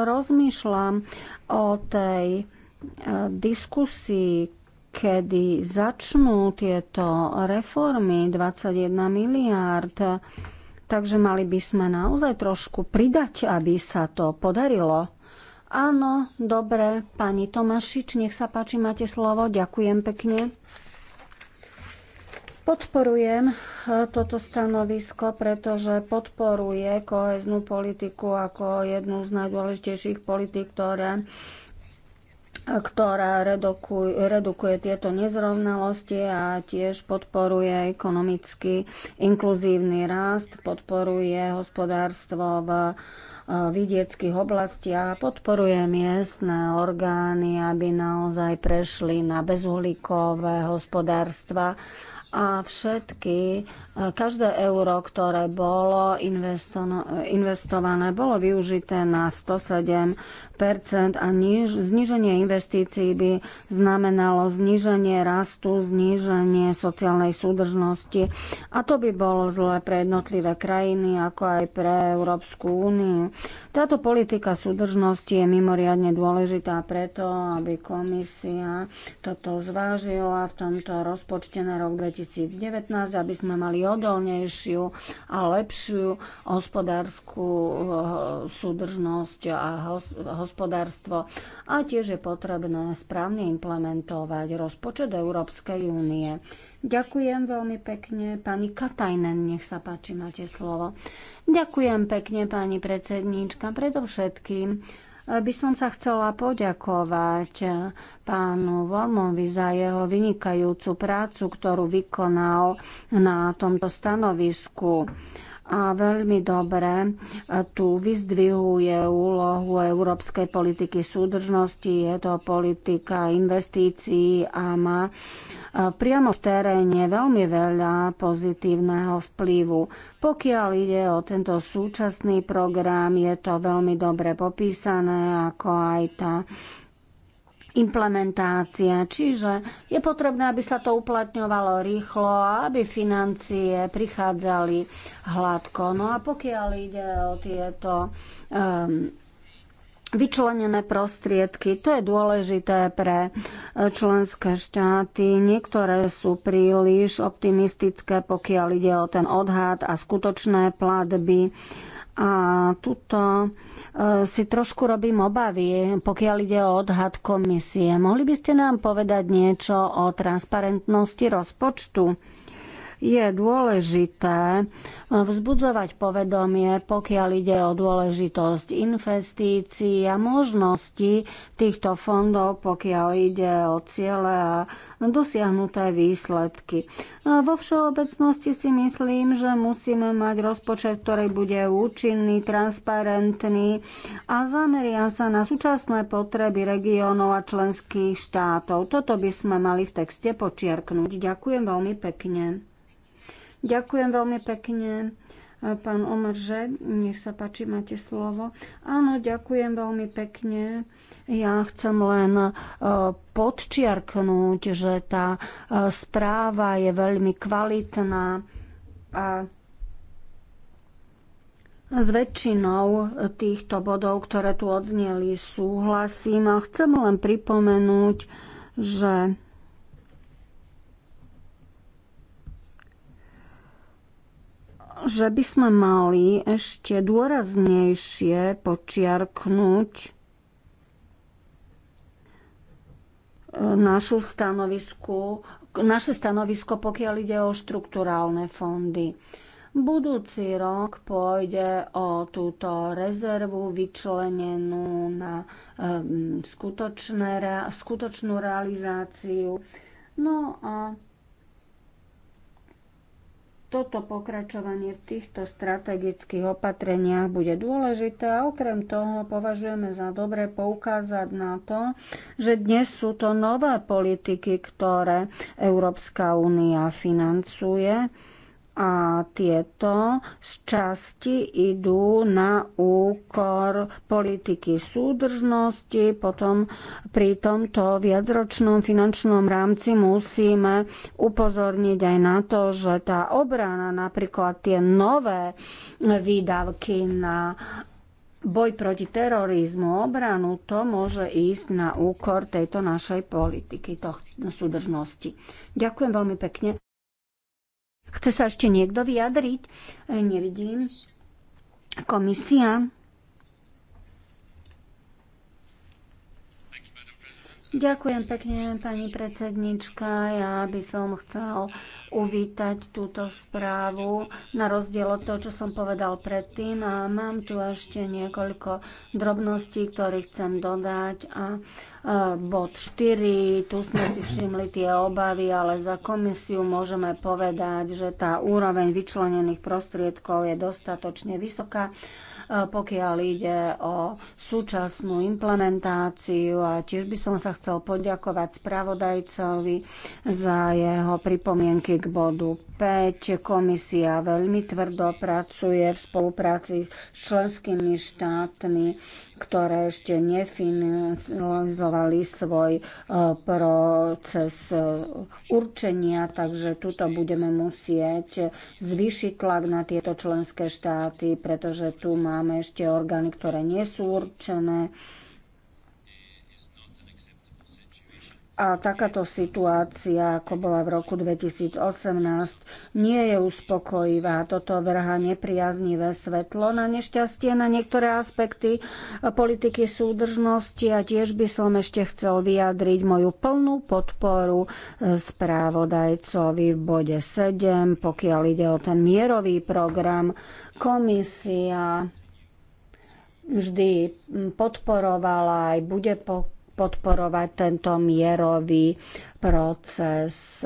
rozmýšľam, o tej e, diskusii, kedy začnú tieto reformy 21 miliárd. Takže mali by sme naozaj trošku pridať, aby sa to podarilo. Áno, dobre, pani Tomašič, nech sa páči, máte slovo. Ďakujem pekne. Podporujem eh, toto stanovisko, pretože podporuje koheznú politiku ako jednu z najdôležitejších politik, ktoré ktorá redukuje, redukuje tieto nezrovnalosti a tiež podporuje ekonomicky inkluzívny rast, podporuje hospodárstvo v eh, vidieckých oblastiach, podporuje miestne orgány, aby naozaj prešli na bezuhlíkové hospodárstva a všetky, e, každé euro, ktoré bolo investované, bolo využité na 107 a zniženie investícií by znamenalo zniženie rastu, zniženie sociálnej súdržnosti a to by bolo zle pre jednotlivé krajiny, ako aj pre Európsku úniu. Táto politika súdržnosti je mimoriadne dôležitá preto, aby komisia toto zvážila v tomto rozpočte na rok 2020 2019, aby sme mali odolnejšiu a lepšiu hospodárskú eh, súdržnosť a hospodárstvo. A tiež je potrebné správne implementovať rozpočet Európskej únie. Ďakujem veľmi pekne. Pani Katajnen, nech sa páči, máte slovo. Ďakujem pekne, pani predsedníčka. Predovšetkým by som sa chcela poďakovať pánu Volmovi za jeho vynikajúcu prácu, ktorú vykonal na tomto stanovisku a veľmi dobre e, tu vyzdvihuje úlohu európskej politiky súdržnosti. Je to politika investícií a má e, priamo v teréne veľmi veľa pozitívneho vplyvu. Pokiaľ ide o tento súčasný program, je to veľmi dobre popísané, ako aj tá implementácia. Čiže je potrebné, aby sa to uplatňovalo rýchlo a aby financie prichádzali hladko. No a pokiaľ ide o tieto um, vyčlenené prostriedky. To je dôležité pre e, členské štáty. Niektoré sú príliš optimistické, pokiaľ ide o ten odhad a skutočné platby. Um, a tuto e, si trošku robím obavy, pokiaľ ide o odhad komisie. Mohli by ste nám povedať niečo o transparentnosti rozpočtu? je dôležité eh, vzbudzovať povedomie, pokiaľ ide o dôležitosť investícií a možnosti týchto fondov, pokiaľ ide o ciele a dosiahnuté výsledky. Eh, vo všeobecnosti si myslím, že musíme mať rozpočet, ktorý bude účinný, transparentný a zameria sa na súčasné potreby regiónov a členských štátov. Toto by sme mali v texte počiarknúť. Ďakujem veľmi pekne. Ďakujem veľmi pekne, eh, pán omrže, Nech sa páči, máte slovo. Áno, ďakujem veľmi pekne. Ja chcem len eh, podčiarknúť, že tá eh, správa je veľmi kvalitná a s väčšinou týchto bodov, ktoré tu odznieli, súhlasím a chcem len pripomenúť, že že by sme mali ešte dôraznejšie počiarknúť e, našu stanovisku, naše stanovisko, pokiaľ ide o štrukturálne fondy. Budúci rok pôjde o túto rezervu vyčlenenú na um, skutočné, skutočnú realizáciu. No a toto pokračovanie v týchto strategických opatreniach bude dôležité a okrem toho považujeme za dobre poukázať na to, že dnes sú to nové politiky, ktoré Európska únia financuje a tieto z časti idú na úkor politiky súdržnosti. Potom pri tomto viacročnom finančnom rámci musíme upozorniť aj na to, že tá obrana, napríklad tie nové výdavky na boj proti terorizmu, obranu, to môže ísť na úkor tejto našej politiky, tohto súdržnosti. Ďakujem veľmi pekne. Chce sa ešte niekto vyjadriť? Nevidím. Komisia. Ďakujem pekne, pani predsednička. Ja by som chcel uvítať túto správu na rozdiel od toho, čo som povedal predtým. A mám tu ešte niekoľko drobností, ktoré chcem dodať. A bod 4, tu sme si všimli tie obavy, ale za komisiu môžeme povedať, že tá úroveň vyčlenených prostriedkov je dostatočne vysoká E, pokiaľ ide o súčasnú implementáciu. A tiež by som sa chcel poďakovať spravodajcovi za jeho pripomienky k bodu 5. Komisia veľmi tvrdo pracuje v spolupráci s členskými štátmi, ktoré ešte nefinalizovali svoj e, proces e, určenia, takže tuto budeme musieť zvýšiť tlak na tieto členské štáty, pretože tu má máme ešte orgány, ktoré nie sú určené. A takáto situácia, ako bola v roku 2018, nie je uspokojivá. Toto vrha nepriaznivé svetlo na nešťastie na niektoré aspekty politiky súdržnosti a tiež by som ešte chcel vyjadriť moju plnú podporu správodajcovi v bode 7, pokiaľ ide o ten mierový program. Komisia vždy podporovala aj bude podporovať tento mierový proces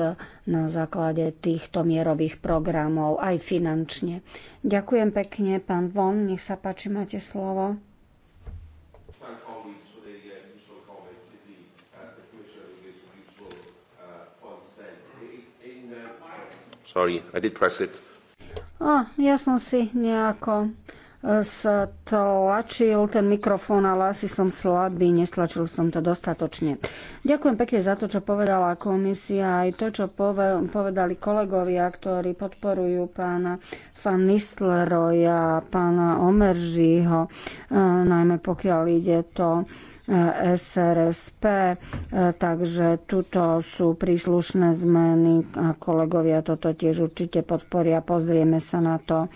na základe týchto mierových programov aj finančne. Ďakujem pekne, pán Von, nech sa páči, máte slovo. Sorry, I did press it. Oh, ja som si nejako sa tlačil ten mikrofón, ale asi som slabý, nestlačil som to dostatočne. Ďakujem pekne za to, čo povedala komisia, aj to, čo povedali kolegovia, ktorí podporujú pána Fan Nistleroja, pána Omeržiho, e, najmä pokiaľ ide to e, SRSP, e, takže tuto sú príslušné zmeny a kolegovia toto tiež určite podporia. Pozrieme sa na to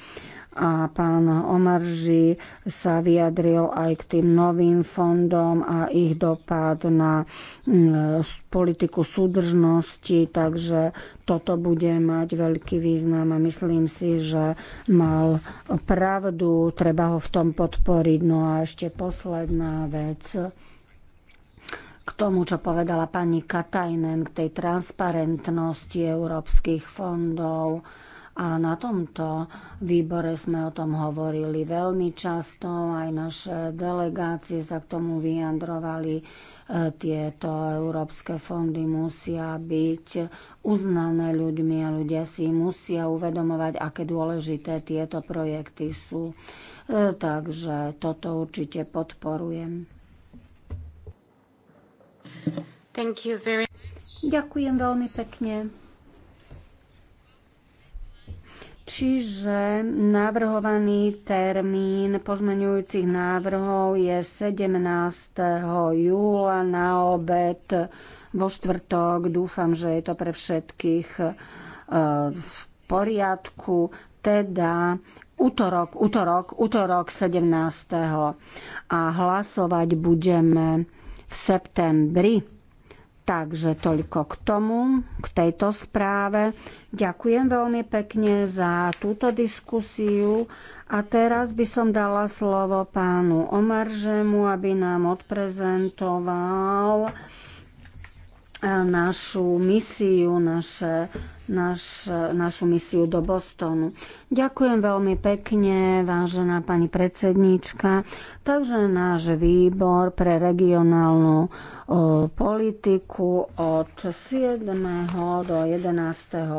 a pán Omarži sa vyjadril aj k tým novým fondom a ich dopad na mm, politiku súdržnosti, takže toto bude mať veľký význam a myslím si, že mal pravdu, treba ho v tom podporiť. No a ešte posledná vec k tomu, čo povedala pani Katajnen, k tej transparentnosti európskych fondov. A na tomto výbore sme o tom hovorili veľmi často, aj naše delegácie sa k tomu vyjadrovali. E, tieto európske fondy musia byť uznané ľuďmi a ľudia si musia uvedomovať, aké dôležité tieto projekty sú. E, takže toto určite podporujem. Thank you very... Ďakujem veľmi pekne. Čiže navrhovaný termín pozmeňujúcich návrhov je 17. júla na obed vo štvrtok. Dúfam, že je to pre všetkých eh, v poriadku. Teda útorok, útorok, útorok 17. a hlasovať budeme v septembri Takže toľko k tomu, k tejto správe. Ďakujem veľmi pekne za túto diskusiu a teraz by som dala slovo pánu Omaržemu, aby nám odprezentoval našu misiu, naše, naš, našu misiu do Bostonu. Ďakujem veľmi pekne, vážená pani predsedníčka. Takže náš výbor pre regionálnu o, politiku od 7. do 11.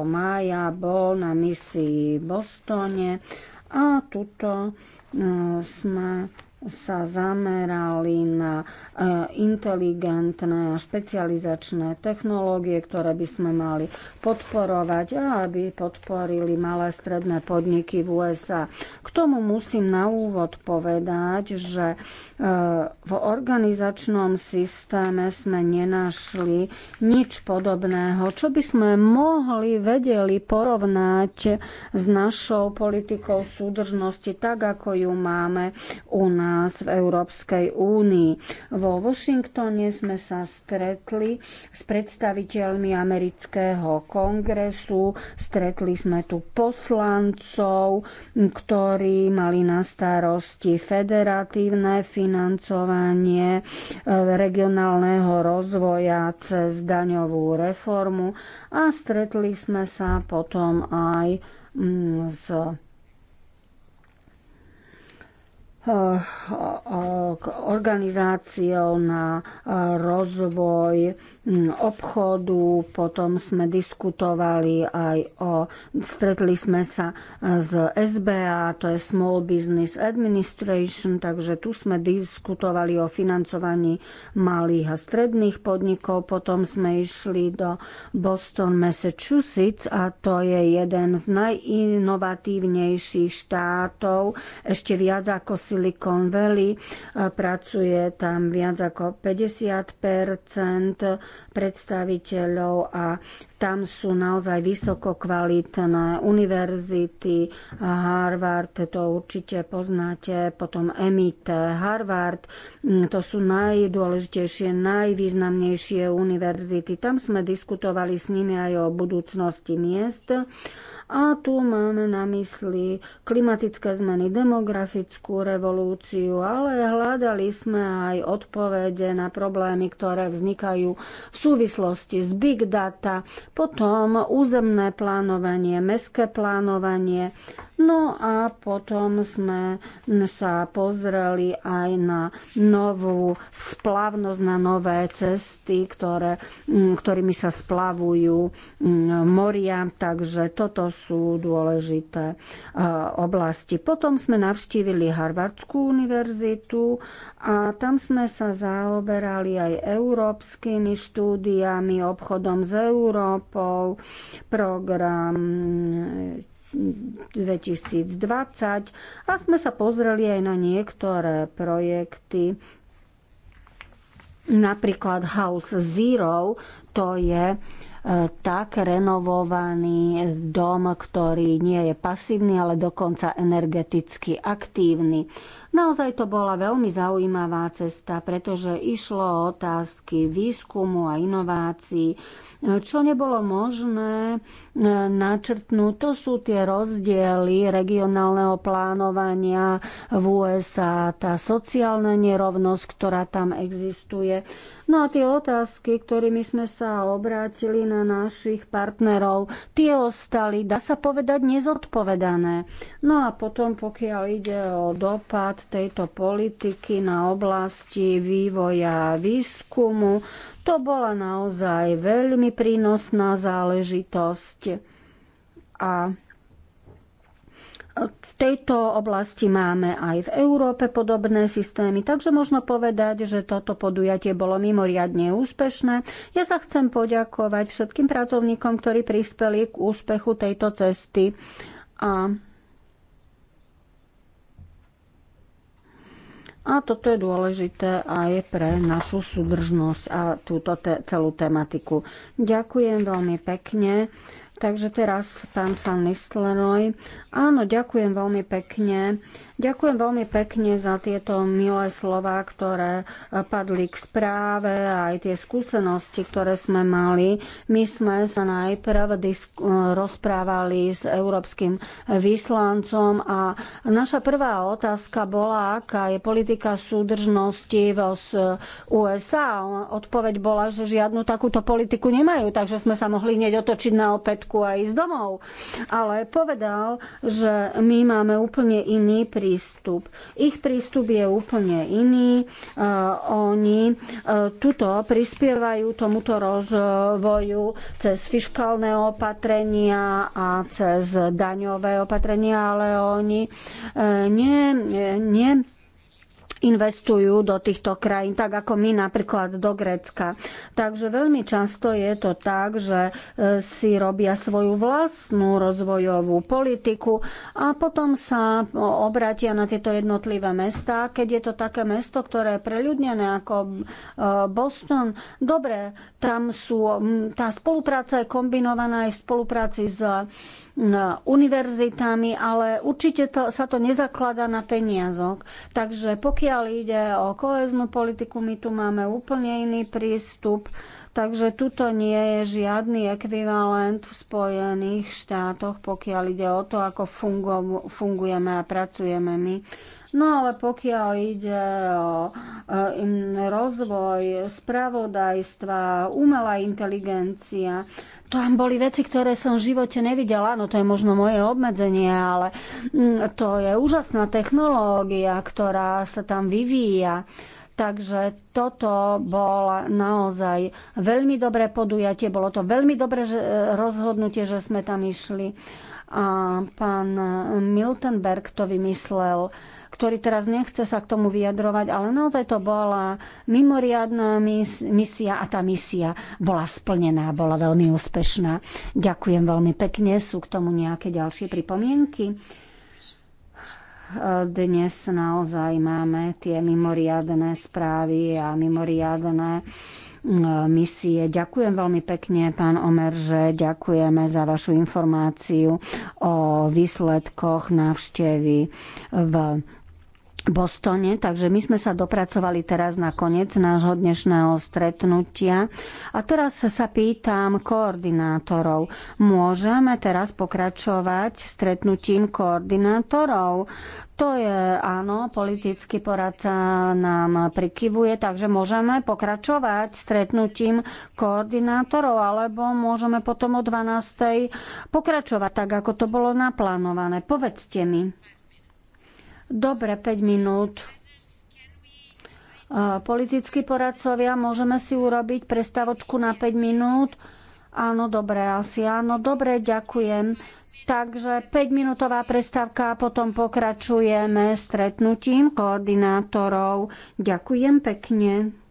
mája bol na misii v Bostone a tuto o, e, sme sa zamerali na e, inteligentné a špecializačné technológie, ktoré by sme mali podporovať a aby podporili malé stredné podniky v USA. K tomu musím na úvod povedať, že e, v organizačnom systéme sme nenašli nič podobného, čo by sme mohli vedeli porovnať s našou politikou súdržnosti, tak ako ju máme u nás nás v Európskej únii. Vo Washingtone sme sa stretli s predstaviteľmi amerického kongresu, stretli sme tu poslancov, ktorí mali na starosti federatívne financovanie e, regionálneho rozvoja cez daňovú reformu a stretli sme sa potom aj mm, s k organizáciou na e, rozvoj obchodu, potom sme diskutovali aj o, stretli sme sa e, z SBA, to je Small Business Administration, takže tu sme diskutovali o financovaní malých a stredných podnikov, potom sme išli do Boston, Massachusetts a to je jeden z najinovatívnejších štátov, ešte viac ako si Silicon Valley. E, pracuje tam viac ako 50 predstaviteľov a tam sú naozaj vysokokvalitné univerzity, Harvard, to určite poznáte, potom MIT, Harvard, to sú najdôležitejšie, najvýznamnejšie univerzity. Tam sme diskutovali s nimi aj o budúcnosti miest a tu máme na mysli klimatické zmeny, demografickú revolúciu, ale hľadali sme aj odpovede na problémy, ktoré vznikajú v súvislosti s big data, potom územné plánovanie, mestské plánovanie, No a potom sme sa pozreli aj na novú splavnosť, na nové cesty, ktoré, mm, ktorými sa splavujú mm, moria, takže toto sú dôležité e, oblasti. Potom sme navštívili Harvardskú univerzitu a tam sme sa zaoberali aj európskymi štúdiami, obchodom s Európou, program 2020 a sme sa pozreli aj na niektoré projekty, napríklad House Zero, to je tak renovovaný dom, ktorý nie je pasívny, ale dokonca energeticky aktívny. Naozaj to bola veľmi zaujímavá cesta, pretože išlo o otázky výskumu a inovácií. Čo nebolo možné e, načrtnúť, to sú tie rozdiely regionálneho plánovania v USA, tá sociálna nerovnosť, ktorá tam existuje. No a tie otázky, ktorými sme sa obrátili na našich partnerov, tie ostali, dá sa povedať, nezodpovedané. No a potom, pokiaľ ide o dopad tejto politiky na oblasti vývoja a výskumu, to bola naozaj veľmi prínosná záležitosť. A tejto oblasti máme aj v Európe podobné systémy, takže možno povedať, že toto podujatie bolo mimoriadne úspešné. Ja sa chcem poďakovať všetkým pracovníkom, ktorí prispeli k úspechu tejto cesty. A A toto je dôležité aj pre našu súdržnosť a túto te, celú tematiku. Ďakujem veľmi pekne. Takže teraz pán Fan Nistelrooy. Áno, ďakujem veľmi pekne. Ďakujem veľmi pekne za tieto milé slova, ktoré eh, padli k správe a aj tie skúsenosti, ktoré sme mali. My sme sa najprv eh, rozprávali s európskym vyslancom a naša prvá otázka bola, aká je politika súdržnosti v USA. Odpoveď bola, že žiadnu takúto politiku nemajú, takže sme sa mohli hneď otočiť na opätku a ísť domov. Ale povedal, že my máme úplne iný prí prístup. Ich prístup je úplne iný. E, oni e, tuto prispievajú tomuto rozvoju cez fiskálne opatrenia a cez daňové opatrenia, ale oni e, nie, nie investujú do týchto krajín, tak ako my napríklad do Grécka. Takže veľmi často je to tak, že e, si robia svoju vlastnú rozvojovú politiku a potom sa obratia na tieto jednotlivé mesta. Keď je to také mesto, ktoré je preľudnené ako e, Boston, dobre, tam sú, tá spolupráca je kombinovaná aj v spolupráci s univerzitami, ale určite to, sa to nezakladá na peniazok. Takže pokiaľ ide o koheznú politiku, my tu máme úplne iný prístup, takže tuto nie je žiadny ekvivalent v Spojených štátoch, pokiaľ ide o to, ako fungujeme a pracujeme my. No ale pokiaľ ide o e, rozvoj spravodajstva, umelá inteligencia, tam boli veci, ktoré som v živote nevidela. No to je možno moje obmedzenie, ale mm, to je úžasná technológia, ktorá sa tam vyvíja. Takže toto bol naozaj veľmi dobré podujatie, bolo to veľmi dobré e, rozhodnutie, že sme tam išli. A pán Miltenberg to vymyslel ktorý teraz nechce sa k tomu vyjadrovať, ale naozaj to bola mimoriadná mis- misia a tá misia bola splnená, bola veľmi úspešná. Ďakujem veľmi pekne. Sú k tomu nejaké ďalšie pripomienky? Dnes naozaj máme tie mimoriadné správy a mimoriadné e, misie. Ďakujem veľmi pekne, pán Omer, že ďakujeme za vašu informáciu o výsledkoch návštevy v Bostone, takže my sme sa dopracovali teraz na koniec nášho dnešného stretnutia. A teraz sa pýtam koordinátorov. Môžeme teraz pokračovať stretnutím koordinátorov? To je, áno, politický poradca nám prikyvuje, takže môžeme pokračovať stretnutím koordinátorov, alebo môžeme potom o 12. pokračovať tak, ako to bolo naplánované. Povedzte mi. Dobre, 5 minút. E, politickí poradcovia, môžeme si urobiť prestavočku na 5 minút? Áno, dobre, asi áno. Dobre, ďakujem. Takže 5-minútová prestávka a potom pokračujeme stretnutím koordinátorov. Ďakujem pekne.